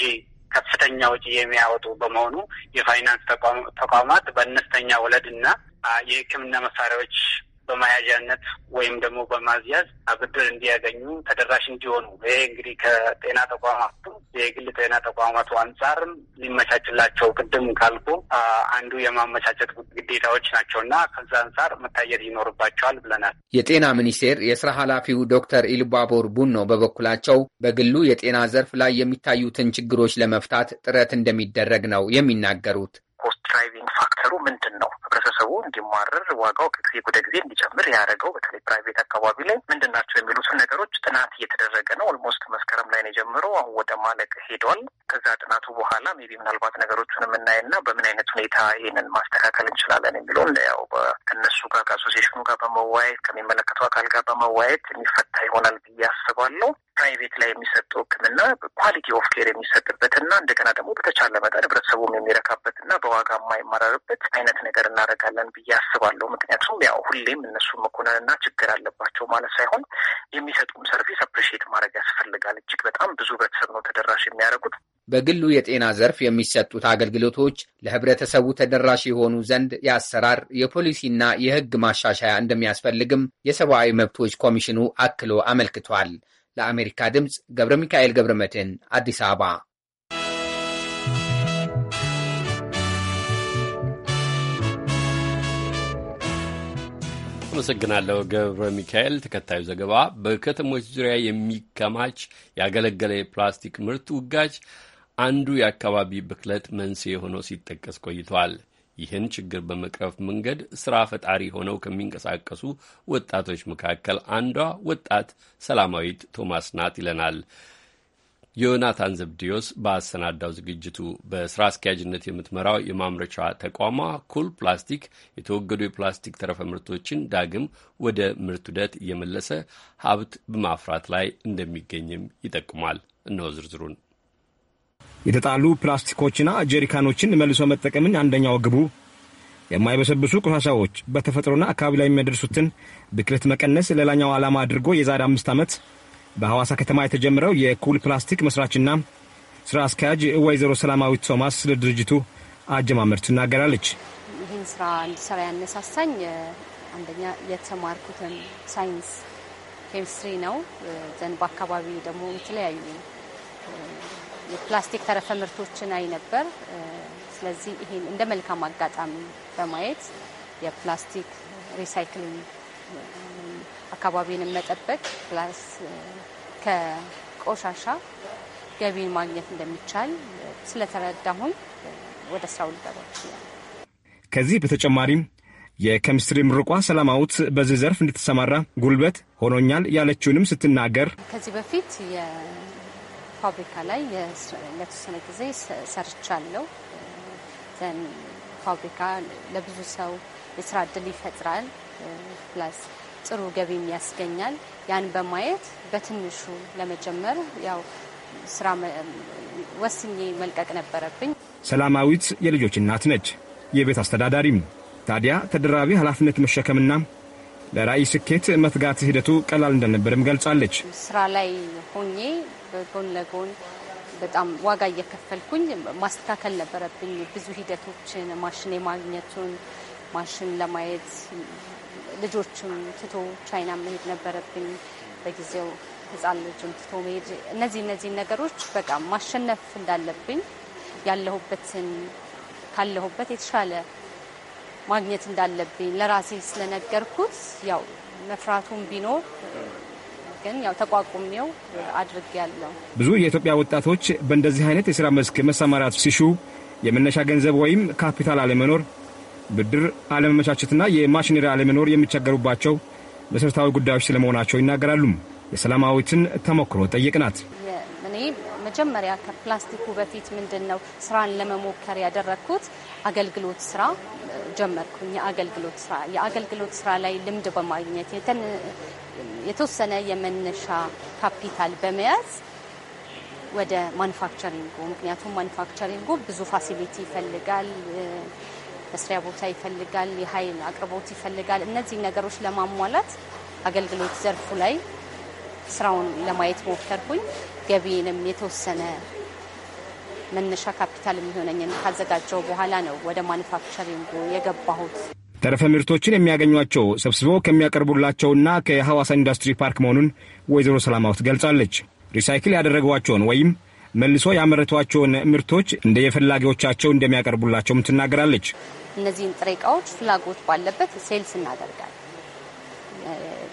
ከፍተኛ ወጪ የሚያወጡ በመሆኑ የፋይናንስ ተቋማት በአነስተኛ ወለድ እና የሕክምና መሳሪያዎች በመያዣነት ወይም ደግሞ በማዝያዝ አብድር እንዲያገኙ ተደራሽ እንዲሆኑ ይሄ እንግዲህ ከጤና ተቋማቱ የግል ጤና ተቋማቱ አንጻርም ሊመቻችላቸው ቅድም ካልኩ አንዱ የማመቻቸት ግዴታዎች ናቸውና ከዛ አንጻር መታየት ይኖርባቸዋል ብለናል። የጤና ሚኒስቴር የስራ ኃላፊው ዶክተር ኢልባቦር ቡኖ በበኩላቸው በግሉ የጤና ዘርፍ ላይ የሚታዩትን ችግሮች ለመፍታት ጥረት እንደሚደረግ ነው የሚናገሩት። ድራይቪንግ ነገሩ ምንድን ነው? ህብረተሰቡ እንዲማረር ዋጋው ከጊዜ ወደ ጊዜ እንዲጨምር ያደረገው በተለይ ፕራይቬት አካባቢ ላይ ምንድን ናቸው የሚሉትን ነገሮች ጥናት እየተደረገ ነው። ኦልሞስት መስከረም ላይ ነው የጀመረው። አሁን ወደ ማለቅ ሄዷል። ከዛ ጥናቱ በኋላ ሜቢ ምናልባት ነገሮቹን የምናይና በምን አይነት ሁኔታ ይህንን ማስተካከል እንችላለን የሚለውን ያው ከነሱ ጋር ከአሶሲሽኑ ጋር በመወያየት ከሚመለከተው አካል ጋር በመወያየት የሚፈታ ይሆናል ብዬ አስባለሁ። ፕራይቬት ላይ የሚሰጠው ህክምና ኳሊቲ ኦፍ ኬር የሚሰጥበት እና እንደገና ደግሞ በተቻለ መጠን ህብረተሰቡም የሚረካበት እና በዋጋ የማይማረርበት አይነት ነገር እናደርጋለን ብዬ አስባለሁ። ምክንያቱም ያው ሁሌም እነሱ እና ችግር አለባቸው ማለት ሳይሆን የሚሰጡም ሰርቪስ አፕሪሺየት ማድረግ ያስፈልጋል። እጅግ በጣም ብዙ ህብረተሰብ ነው ተደራሽ የሚያደርጉት። በግሉ የጤና ዘርፍ የሚሰጡት አገልግሎቶች ለህብረተሰቡ ተደራሽ የሆኑ ዘንድ የአሰራር የፖሊሲና የህግ ማሻሻያ እንደሚያስፈልግም የሰብአዊ መብቶች ኮሚሽኑ አክሎ አመልክቷል። ለአሜሪካ ድምፅ ገብረ ሚካኤል ገብረ መድህን አዲስ አበባ። አመሰግናለሁ ገብረ ሚካኤል። ተከታዩ ዘገባ በከተሞች ዙሪያ የሚከማች ያገለገለ የፕላስቲክ ምርት ውጋጅ አንዱ የአካባቢ ብክለት መንስኤ ሆኖ ሲጠቀስ ቆይቷል። ይህን ችግር በመቅረፍ መንገድ ስራ ፈጣሪ ሆነው ከሚንቀሳቀሱ ወጣቶች መካከል አንዷ ወጣት ሰላማዊት ቶማስ ናት ይለናል ዮናታን ዘብዲዮስ በአሰናዳው ዝግጅቱ። በስራ አስኪያጅነት የምትመራው የማምረቻ ተቋሟ ኩል ፕላስቲክ የተወገዱ የፕላስቲክ ተረፈ ምርቶችን ዳግም ወደ ምርት ደት እየመለሰ ሀብት በማፍራት ላይ እንደሚገኝም ይጠቁማል። እነሆ ዝርዝሩን የተጣሉ ፕላስቲኮችና ጀሪካኖችን መልሶ መጠቀምን አንደኛው ግቡ፣ የማይበሰብሱ ቆሻሻዎች በተፈጥሮና አካባቢ ላይ የሚያደርሱትን ብክለት መቀነስ ሌላኛው ዓላማ አድርጎ የዛሬ አምስት ዓመት በሐዋሳ ከተማ የተጀመረው የኩል ፕላስቲክ መስራችና ስራ አስኪያጅ ወይዘሮ ሰላማዊት ቶማስ ስለ ድርጅቱ አጀማመር ትናገራለች። ይህን ስራ እንዲሰራ ያነሳሳኝ አንደኛ የተማርኩትን ሳይንስ ኬሚስትሪ ነው ዘንድ በአካባቢ ደግሞ የተለያዩ የፕላስቲክ ተረፈ ምርቶችን አይ ነበር። ስለዚህ ይሄን እንደ መልካም አጋጣሚ በማየት የፕላስቲክ ሪሳይክሊንግ አካባቢንም መጠበቅ ፕላስ ከቆሻሻ ገቢን ማግኘት እንደሚቻል ስለተረዳሁን ወደ ስራው ልገባ ከዚህ በተጨማሪም የኬሚስትሪ ምርቋ ሰላማዊት በዚህ ዘርፍ እንድትሰማራ ጉልበት ሆኖኛል ያለችውንም ስትናገር ከዚህ በፊት ፋብሪካ ላይ ለተወሰነ ጊዜ ሰርቻለሁ። ፋብሪካ ለብዙ ሰው የስራ እድል ይፈጥራል፣ ፕላስ ጥሩ ገቢም ያስገኛል። ያን በማየት በትንሹ ለመጀመር ያው ስራ ወስኜ መልቀቅ ነበረብኝ። ሰላማዊት የልጆች እናት ነች፣ የቤት አስተዳዳሪም። ታዲያ ተደራቢ ኃላፊነት መሸከምና ለራዕይ ስኬት መትጋት ሂደቱ ቀላል እንደነበርም ገልጻለች። ስራ ላይ ሆኜ ጎን ለጎን በጣም ዋጋ እየከፈልኩኝ ማስተካከል ነበረብኝ። ብዙ ሂደቶችን ማሽን የማግኘቱን ማሽን ለማየት ልጆችም ትቶ ቻይና መሄድ ነበረብኝ በጊዜው ህጻን ልጅም ትቶ መሄድ እነዚህ እነዚህ ነገሮች በቃ ማሸነፍ እንዳለብኝ ያለሁበትን ካለሁበት የተሻለ ማግኘት እንዳለብኝ ለራሴ ስለነገርኩት ያው መፍራቱም ቢኖር ግን ያው ተቋቁሜው አድርግ ያለው ብዙ የኢትዮጵያ ወጣቶች በእንደዚህ አይነት የስራ መስክ መሰማራት ሲሹ የመነሻ ገንዘብ ወይም ካፒታል አለመኖር፣ ብድር አለመመቻቸትና የማሽነሪ አለመኖር የሚቸገሩባቸው መሠረታዊ ጉዳዮች ስለመሆናቸው ይናገራሉ። የሰላማዊትን ተሞክሮ ጠየቅናት። እኔ መጀመሪያ ከፕላስቲኩ በፊት ምንድን ነው ስራን ለመሞከር ያደረግኩት አገልግሎት ስራ ጀመርኩኝ። የአገልግሎት ስራ የአገልግሎት ስራ ላይ ልምድ በማግኘት የተወሰነ የመነሻ ካፒታል በመያዝ ወደ ማኑፋክቸሪንጉ ምክንያቱም ማኑፋክቸሪንጉ ብዙ ፋሲሊቲ ይፈልጋል፣ መስሪያ ቦታ ይፈልጋል፣ የኃይል አቅርቦት ይፈልጋል። እነዚህ ነገሮች ለማሟላት አገልግሎት ዘርፉ ላይ ስራውን ለማየት ሞከርኩኝ። ገቢንም የተወሰነ መነሻ ካፒታል የሚሆነኝን ካዘጋጀው በኋላ ነው ወደ ማኑፋክቸሪንጉ የገባሁት። ተረፈ ምርቶችን የሚያገኟቸው ሰብስበው ከሚያቀርቡላቸውና ከሐዋሳ ኢንዱስትሪ ፓርክ መሆኑን ወይዘሮ ሰላማዊት ገልጻለች። ሪሳይክል ያደረጓቸውን ወይም መልሶ ያመረቷቸውን ምርቶች እንደ የፈላጊዎቻቸው እንደሚያቀርቡላቸውም ትናገራለች። እነዚህን ጥሬ እቃዎች ፍላጎት ባለበት ሴልስ እናደርጋል።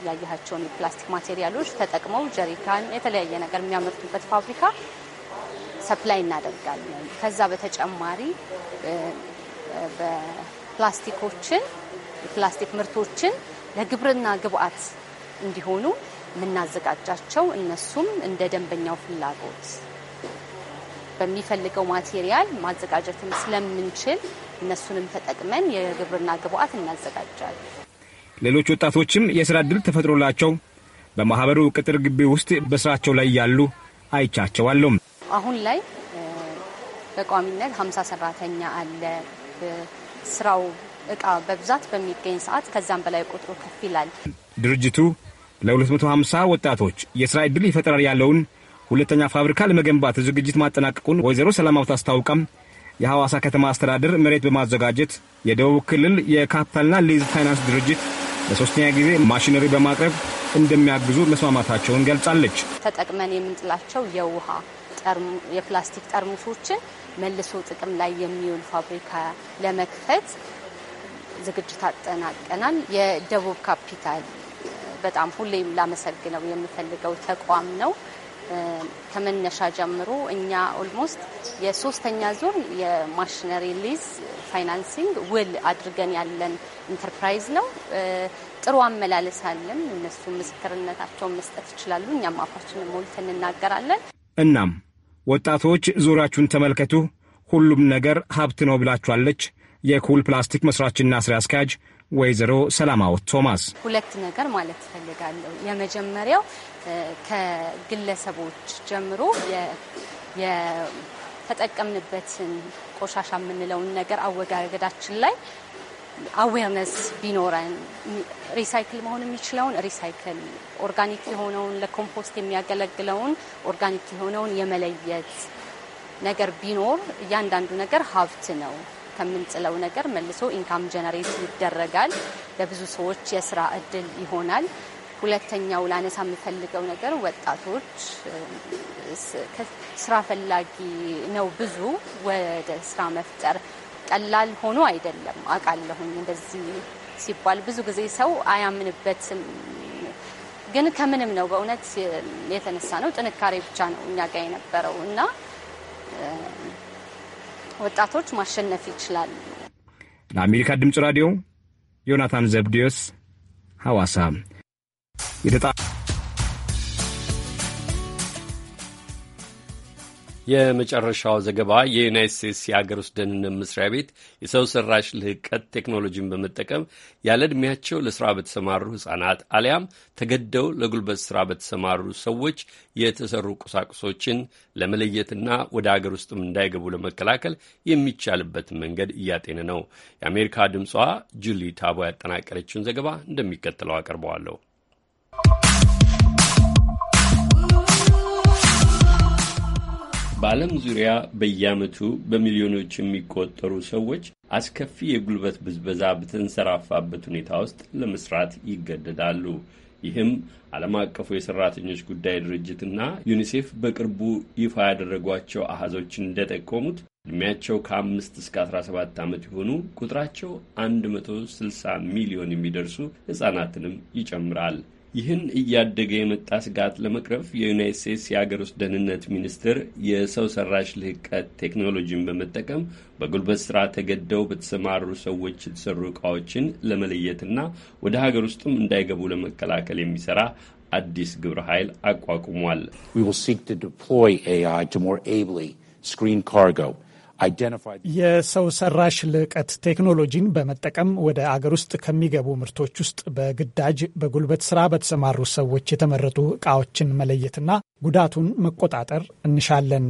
ያየሃቸውን የፕላስቲክ ማቴሪያሎች ተጠቅመው ጀሪካን፣ የተለያየ ነገር የሚያመርቱበት ፋብሪካ ሰፕላይ እናደርጋለን። ከዛ በተጨማሪ ፕላስቲኮችን የፕላስቲክ ምርቶችን ለግብርና ግብዓት እንዲሆኑ የምናዘጋጃቸው እነሱም እንደ ደንበኛው ፍላጎት በሚፈልገው ማቴሪያል ማዘጋጀትም ስለምንችል እነሱንም ተጠቅመን የግብርና ግብዓት እናዘጋጃለን። ሌሎች ወጣቶችም የስራ እድል ተፈጥሮላቸው በማህበሩ ቅጥር ግቢ ውስጥ በስራቸው ላይ ያሉ አይቻቸዋለሁም። አሁን ላይ በቋሚነት ሀምሳ ሰራተኛ አለ። ስራው እቃ በብዛት በሚገኝ ሰዓት ከዛም በላይ ቁጥሩ ከፍ ይላል። ድርጅቱ ለ250 ወጣቶች የስራ ዕድል ይፈጠራል ያለውን ሁለተኛ ፋብሪካ ለመገንባት ዝግጅት ማጠናቀቁን ወይዘሮ ሰላማዊት አስታውቀም የሐዋሳ ከተማ አስተዳደር መሬት በማዘጋጀት የደቡብ ክልል የካፒታልና ሊዝ ፋይናንስ ድርጅት ለሶስተኛ ጊዜ ማሽነሪ በማቅረብ እንደሚያግዙ መስማማታቸውን ገልጻለች። ተጠቅመን የምንጥላቸው የውሃ የፕላስቲክ ጠርሙሶችን መልሶ ጥቅም ላይ የሚውል ፋብሪካ ለመክፈት ዝግጅት አጠናቀናል። የደቡብ ካፒታል በጣም ሁሌም ላመሰግነው የምፈልገው ተቋም ነው። ከመነሻ ጀምሮ እኛ ኦልሞስት የሶስተኛ ዙር የማሽነሪ ሊዝ ፋይናንሲንግ ውል አድርገን ያለን ኢንተርፕራይዝ ነው። ጥሩ አመላለስ አለን። እነሱ ምስክርነታቸውን መስጠት ይችላሉ። እኛም አፋችንን ሞልተን እንናገራለን። እናም ወጣቶች ዙሪያችሁን ተመልከቱ፣ ሁሉም ነገር ሀብት ነው ብላችኋለች የኩል ፕላስቲክ መስራችና ስራ አስኪያጅ ወይዘሮ ሰላማወት ቶማስ ሁለት ነገር ማለት ትፈልጋለሁ። የመጀመሪያው ከግለሰቦች ጀምሮ የተጠቀምንበትን ቆሻሻ የምንለውን ነገር አወጋገዳችን ላይ አዌርነስ ቢኖረን ሪሳይክል መሆን የሚችለውን ሪሳይክል፣ ኦርጋኒክ የሆነውን ለኮምፖስት የሚያገለግለውን ኦርጋኒክ የሆነውን የመለየት ነገር ቢኖር እያንዳንዱ ነገር ሀብት ነው። ከምንጥለው ነገር መልሶ ኢንካም ጀነሬት ይደረጋል። ለብዙ ሰዎች የስራ እድል ይሆናል። ሁለተኛው ላነሳ የምፈልገው ነገር ወጣቶች ስራ ፈላጊ ነው። ብዙ ወደ ስራ መፍጠር ቀላል ሆኖ አይደለም አውቃለሁኝ። እንደዚህ ሲባል ብዙ ጊዜ ሰው አያምንበትም። ግን ከምንም ነው በእውነት የተነሳ ነው። ጥንካሬ ብቻ ነው እኛ ጋር የነበረው እና ወጣቶች ማሸነፍ ይችላሉ። ለአሜሪካ ድምፅ ራዲዮ ዮናታን ዘብዲዮስ ሐዋሳ የተጣ የመጨረሻው ዘገባ የዩናይት ስቴትስ የአገር ውስጥ ደህንነት መስሪያ ቤት የሰው ሰራሽ ልህቀት ቴክኖሎጂን በመጠቀም ያለ ዕድሜያቸው ለስራ በተሰማሩ ህጻናት አሊያም ተገደው ለጉልበት ስራ በተሰማሩ ሰዎች የተሰሩ ቁሳቁሶችን ለመለየትና ወደ አገር ውስጥም እንዳይገቡ ለመከላከል የሚቻልበት መንገድ እያጤነ ነው። የአሜሪካ ድምጿ ጁሊ ታቦ ያጠናቀረችውን ዘገባ እንደሚከተለው አቀርበዋለሁ። በዓለም ዙሪያ በየዓመቱ በሚሊዮኖች የሚቆጠሩ ሰዎች አስከፊ የጉልበት ብዝበዛ በተንሰራፋበት ሁኔታ ውስጥ ለመስራት ይገደዳሉ። ይህም ዓለም አቀፉ የሰራተኞች ጉዳይ ድርጅትና ዩኒሴፍ በቅርቡ ይፋ ያደረጓቸው አሀዞች እንደጠቆሙት እድሜያቸው ከአምስት እስከ 17 ዓመት የሆኑ ቁጥራቸው 160 ሚሊዮን የሚደርሱ ሕፃናትንም ይጨምራል። ይህን እያደገ የመጣ ስጋት ለመቅረፍ የዩናይት ስቴትስ የአገር ውስጥ ደህንነት ሚኒስቴር የሰው ሰራሽ ልህቀት ቴክኖሎጂን በመጠቀም በጉልበት ስራ ተገደው በተሰማሩ ሰዎች የተሰሩ እቃዎችን ለመለየትና ወደ ሀገር ውስጥም እንዳይገቡ ለመከላከል የሚሰራ አዲስ ግብረ ኃይል አቋቁሟል። የሰው ሰራሽ ልቀት ቴክኖሎጂን በመጠቀም ወደ አገር ውስጥ ከሚገቡ ምርቶች ውስጥ በግዳጅ በጉልበት ስራ በተሰማሩ ሰዎች የተመረጡ እቃዎችን መለየትና ጉዳቱን መቆጣጠር እንሻለን።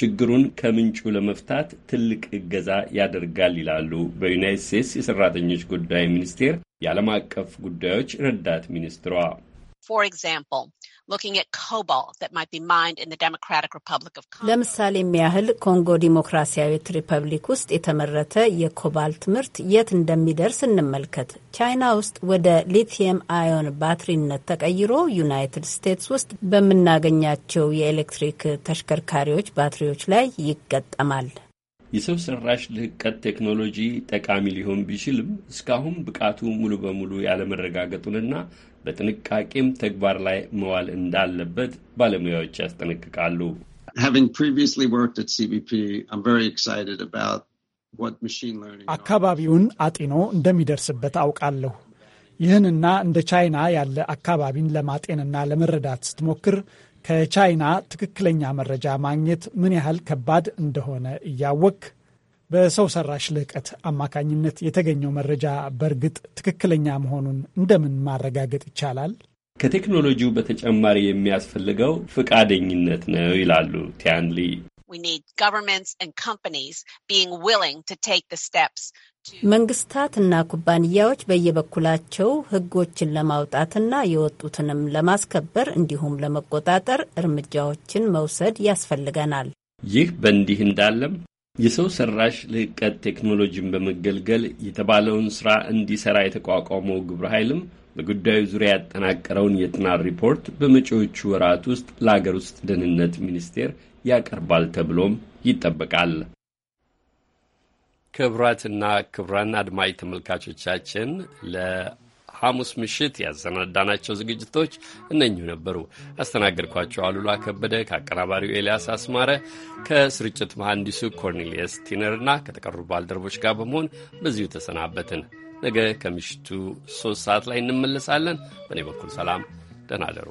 ችግሩን ከምንጩ ለመፍታት ትልቅ እገዛ ያደርጋል ይላሉ በዩናይት ስቴትስ የሰራተኞች ጉዳይ ሚኒስቴር የዓለም አቀፍ ጉዳዮች ረዳት ሚኒስትሯ። ለምሳሌ ያህል ኮንጎ ዲሞክራሲያዊት ሪፐብሊክ ውስጥ የተመረተ የኮባልት ምርት የት እንደሚደርስ እንመልከት። ቻይና ውስጥ ወደ ሊቲየም አዮን ባትሪነት ተቀይሮ ዩናይትድ ስቴትስ ውስጥ በምናገኛቸው የኤሌክትሪክ ተሽከርካሪዎች ባትሪዎች ላይ ይገጠማል። የሰው ሰራሽ ልህቀት ቴክኖሎጂ ጠቃሚ ሊሆን ቢችልም እስካሁን ብቃቱ ሙሉ በሙሉ ያለመረጋገጡንና በጥንቃቄም ተግባር ላይ መዋል እንዳለበት ባለሙያዎች ያስጠነቅቃሉ። አካባቢውን አጢኖ እንደሚደርስበት አውቃለሁ። ይህንና እንደ ቻይና ያለ አካባቢን ለማጤንና ለመረዳት ስትሞክር ከቻይና ትክክለኛ መረጃ ማግኘት ምን ያህል ከባድ እንደሆነ እያወቅ በሰው ሰራሽ ልህቀት አማካኝነት የተገኘው መረጃ በእርግጥ ትክክለኛ መሆኑን እንደምን ማረጋገጥ ይቻላል? ከቴክኖሎጂው በተጨማሪ የሚያስፈልገው ፍቃደኝነት ነው ይላሉ ቲያንሊ። We need governments and companies being willing to take the steps መንግስታትና ኩባንያዎች በየበኩላቸው ህጎችን ለማውጣትና የወጡትንም ለማስከበር እንዲሁም ለመቆጣጠር እርምጃዎችን መውሰድ ያስፈልገናል። ይህ በእንዲህ እንዳለም የሰው ሰራሽ ልህቀት ቴክኖሎጂን በመገልገል የተባለውን ስራ እንዲሰራ የተቋቋመው ግብረ ኃይልም በጉዳዩ ዙሪያ ያጠናቀረውን የጥናት ሪፖርት በመጪዎቹ ወራት ውስጥ ለአገር ውስጥ ደህንነት ሚኒስቴር ያቀርባል ተብሎም ይጠበቃል። ክቡራትና ክቡራን አድማጭ ተመልካቾቻችን ለሐሙስ ምሽት ያሰናዳናቸው ዝግጅቶች እነኚሁ ነበሩ። ያስተናገድኳቸው አሉላ ከበደ ከአቀናባሪው ኤልያስ አስማረ ከስርጭት መሐንዲሱ ኮርኔሊየስ ቲነርና ከተቀሩ ባልደረቦች ጋር በመሆን በዚሁ ተሰናበትን። ነገ ከምሽቱ ሶስት ሰዓት ላይ እንመለሳለን። በእኔ በኩል ሰላም፣ ደህና አደሩ።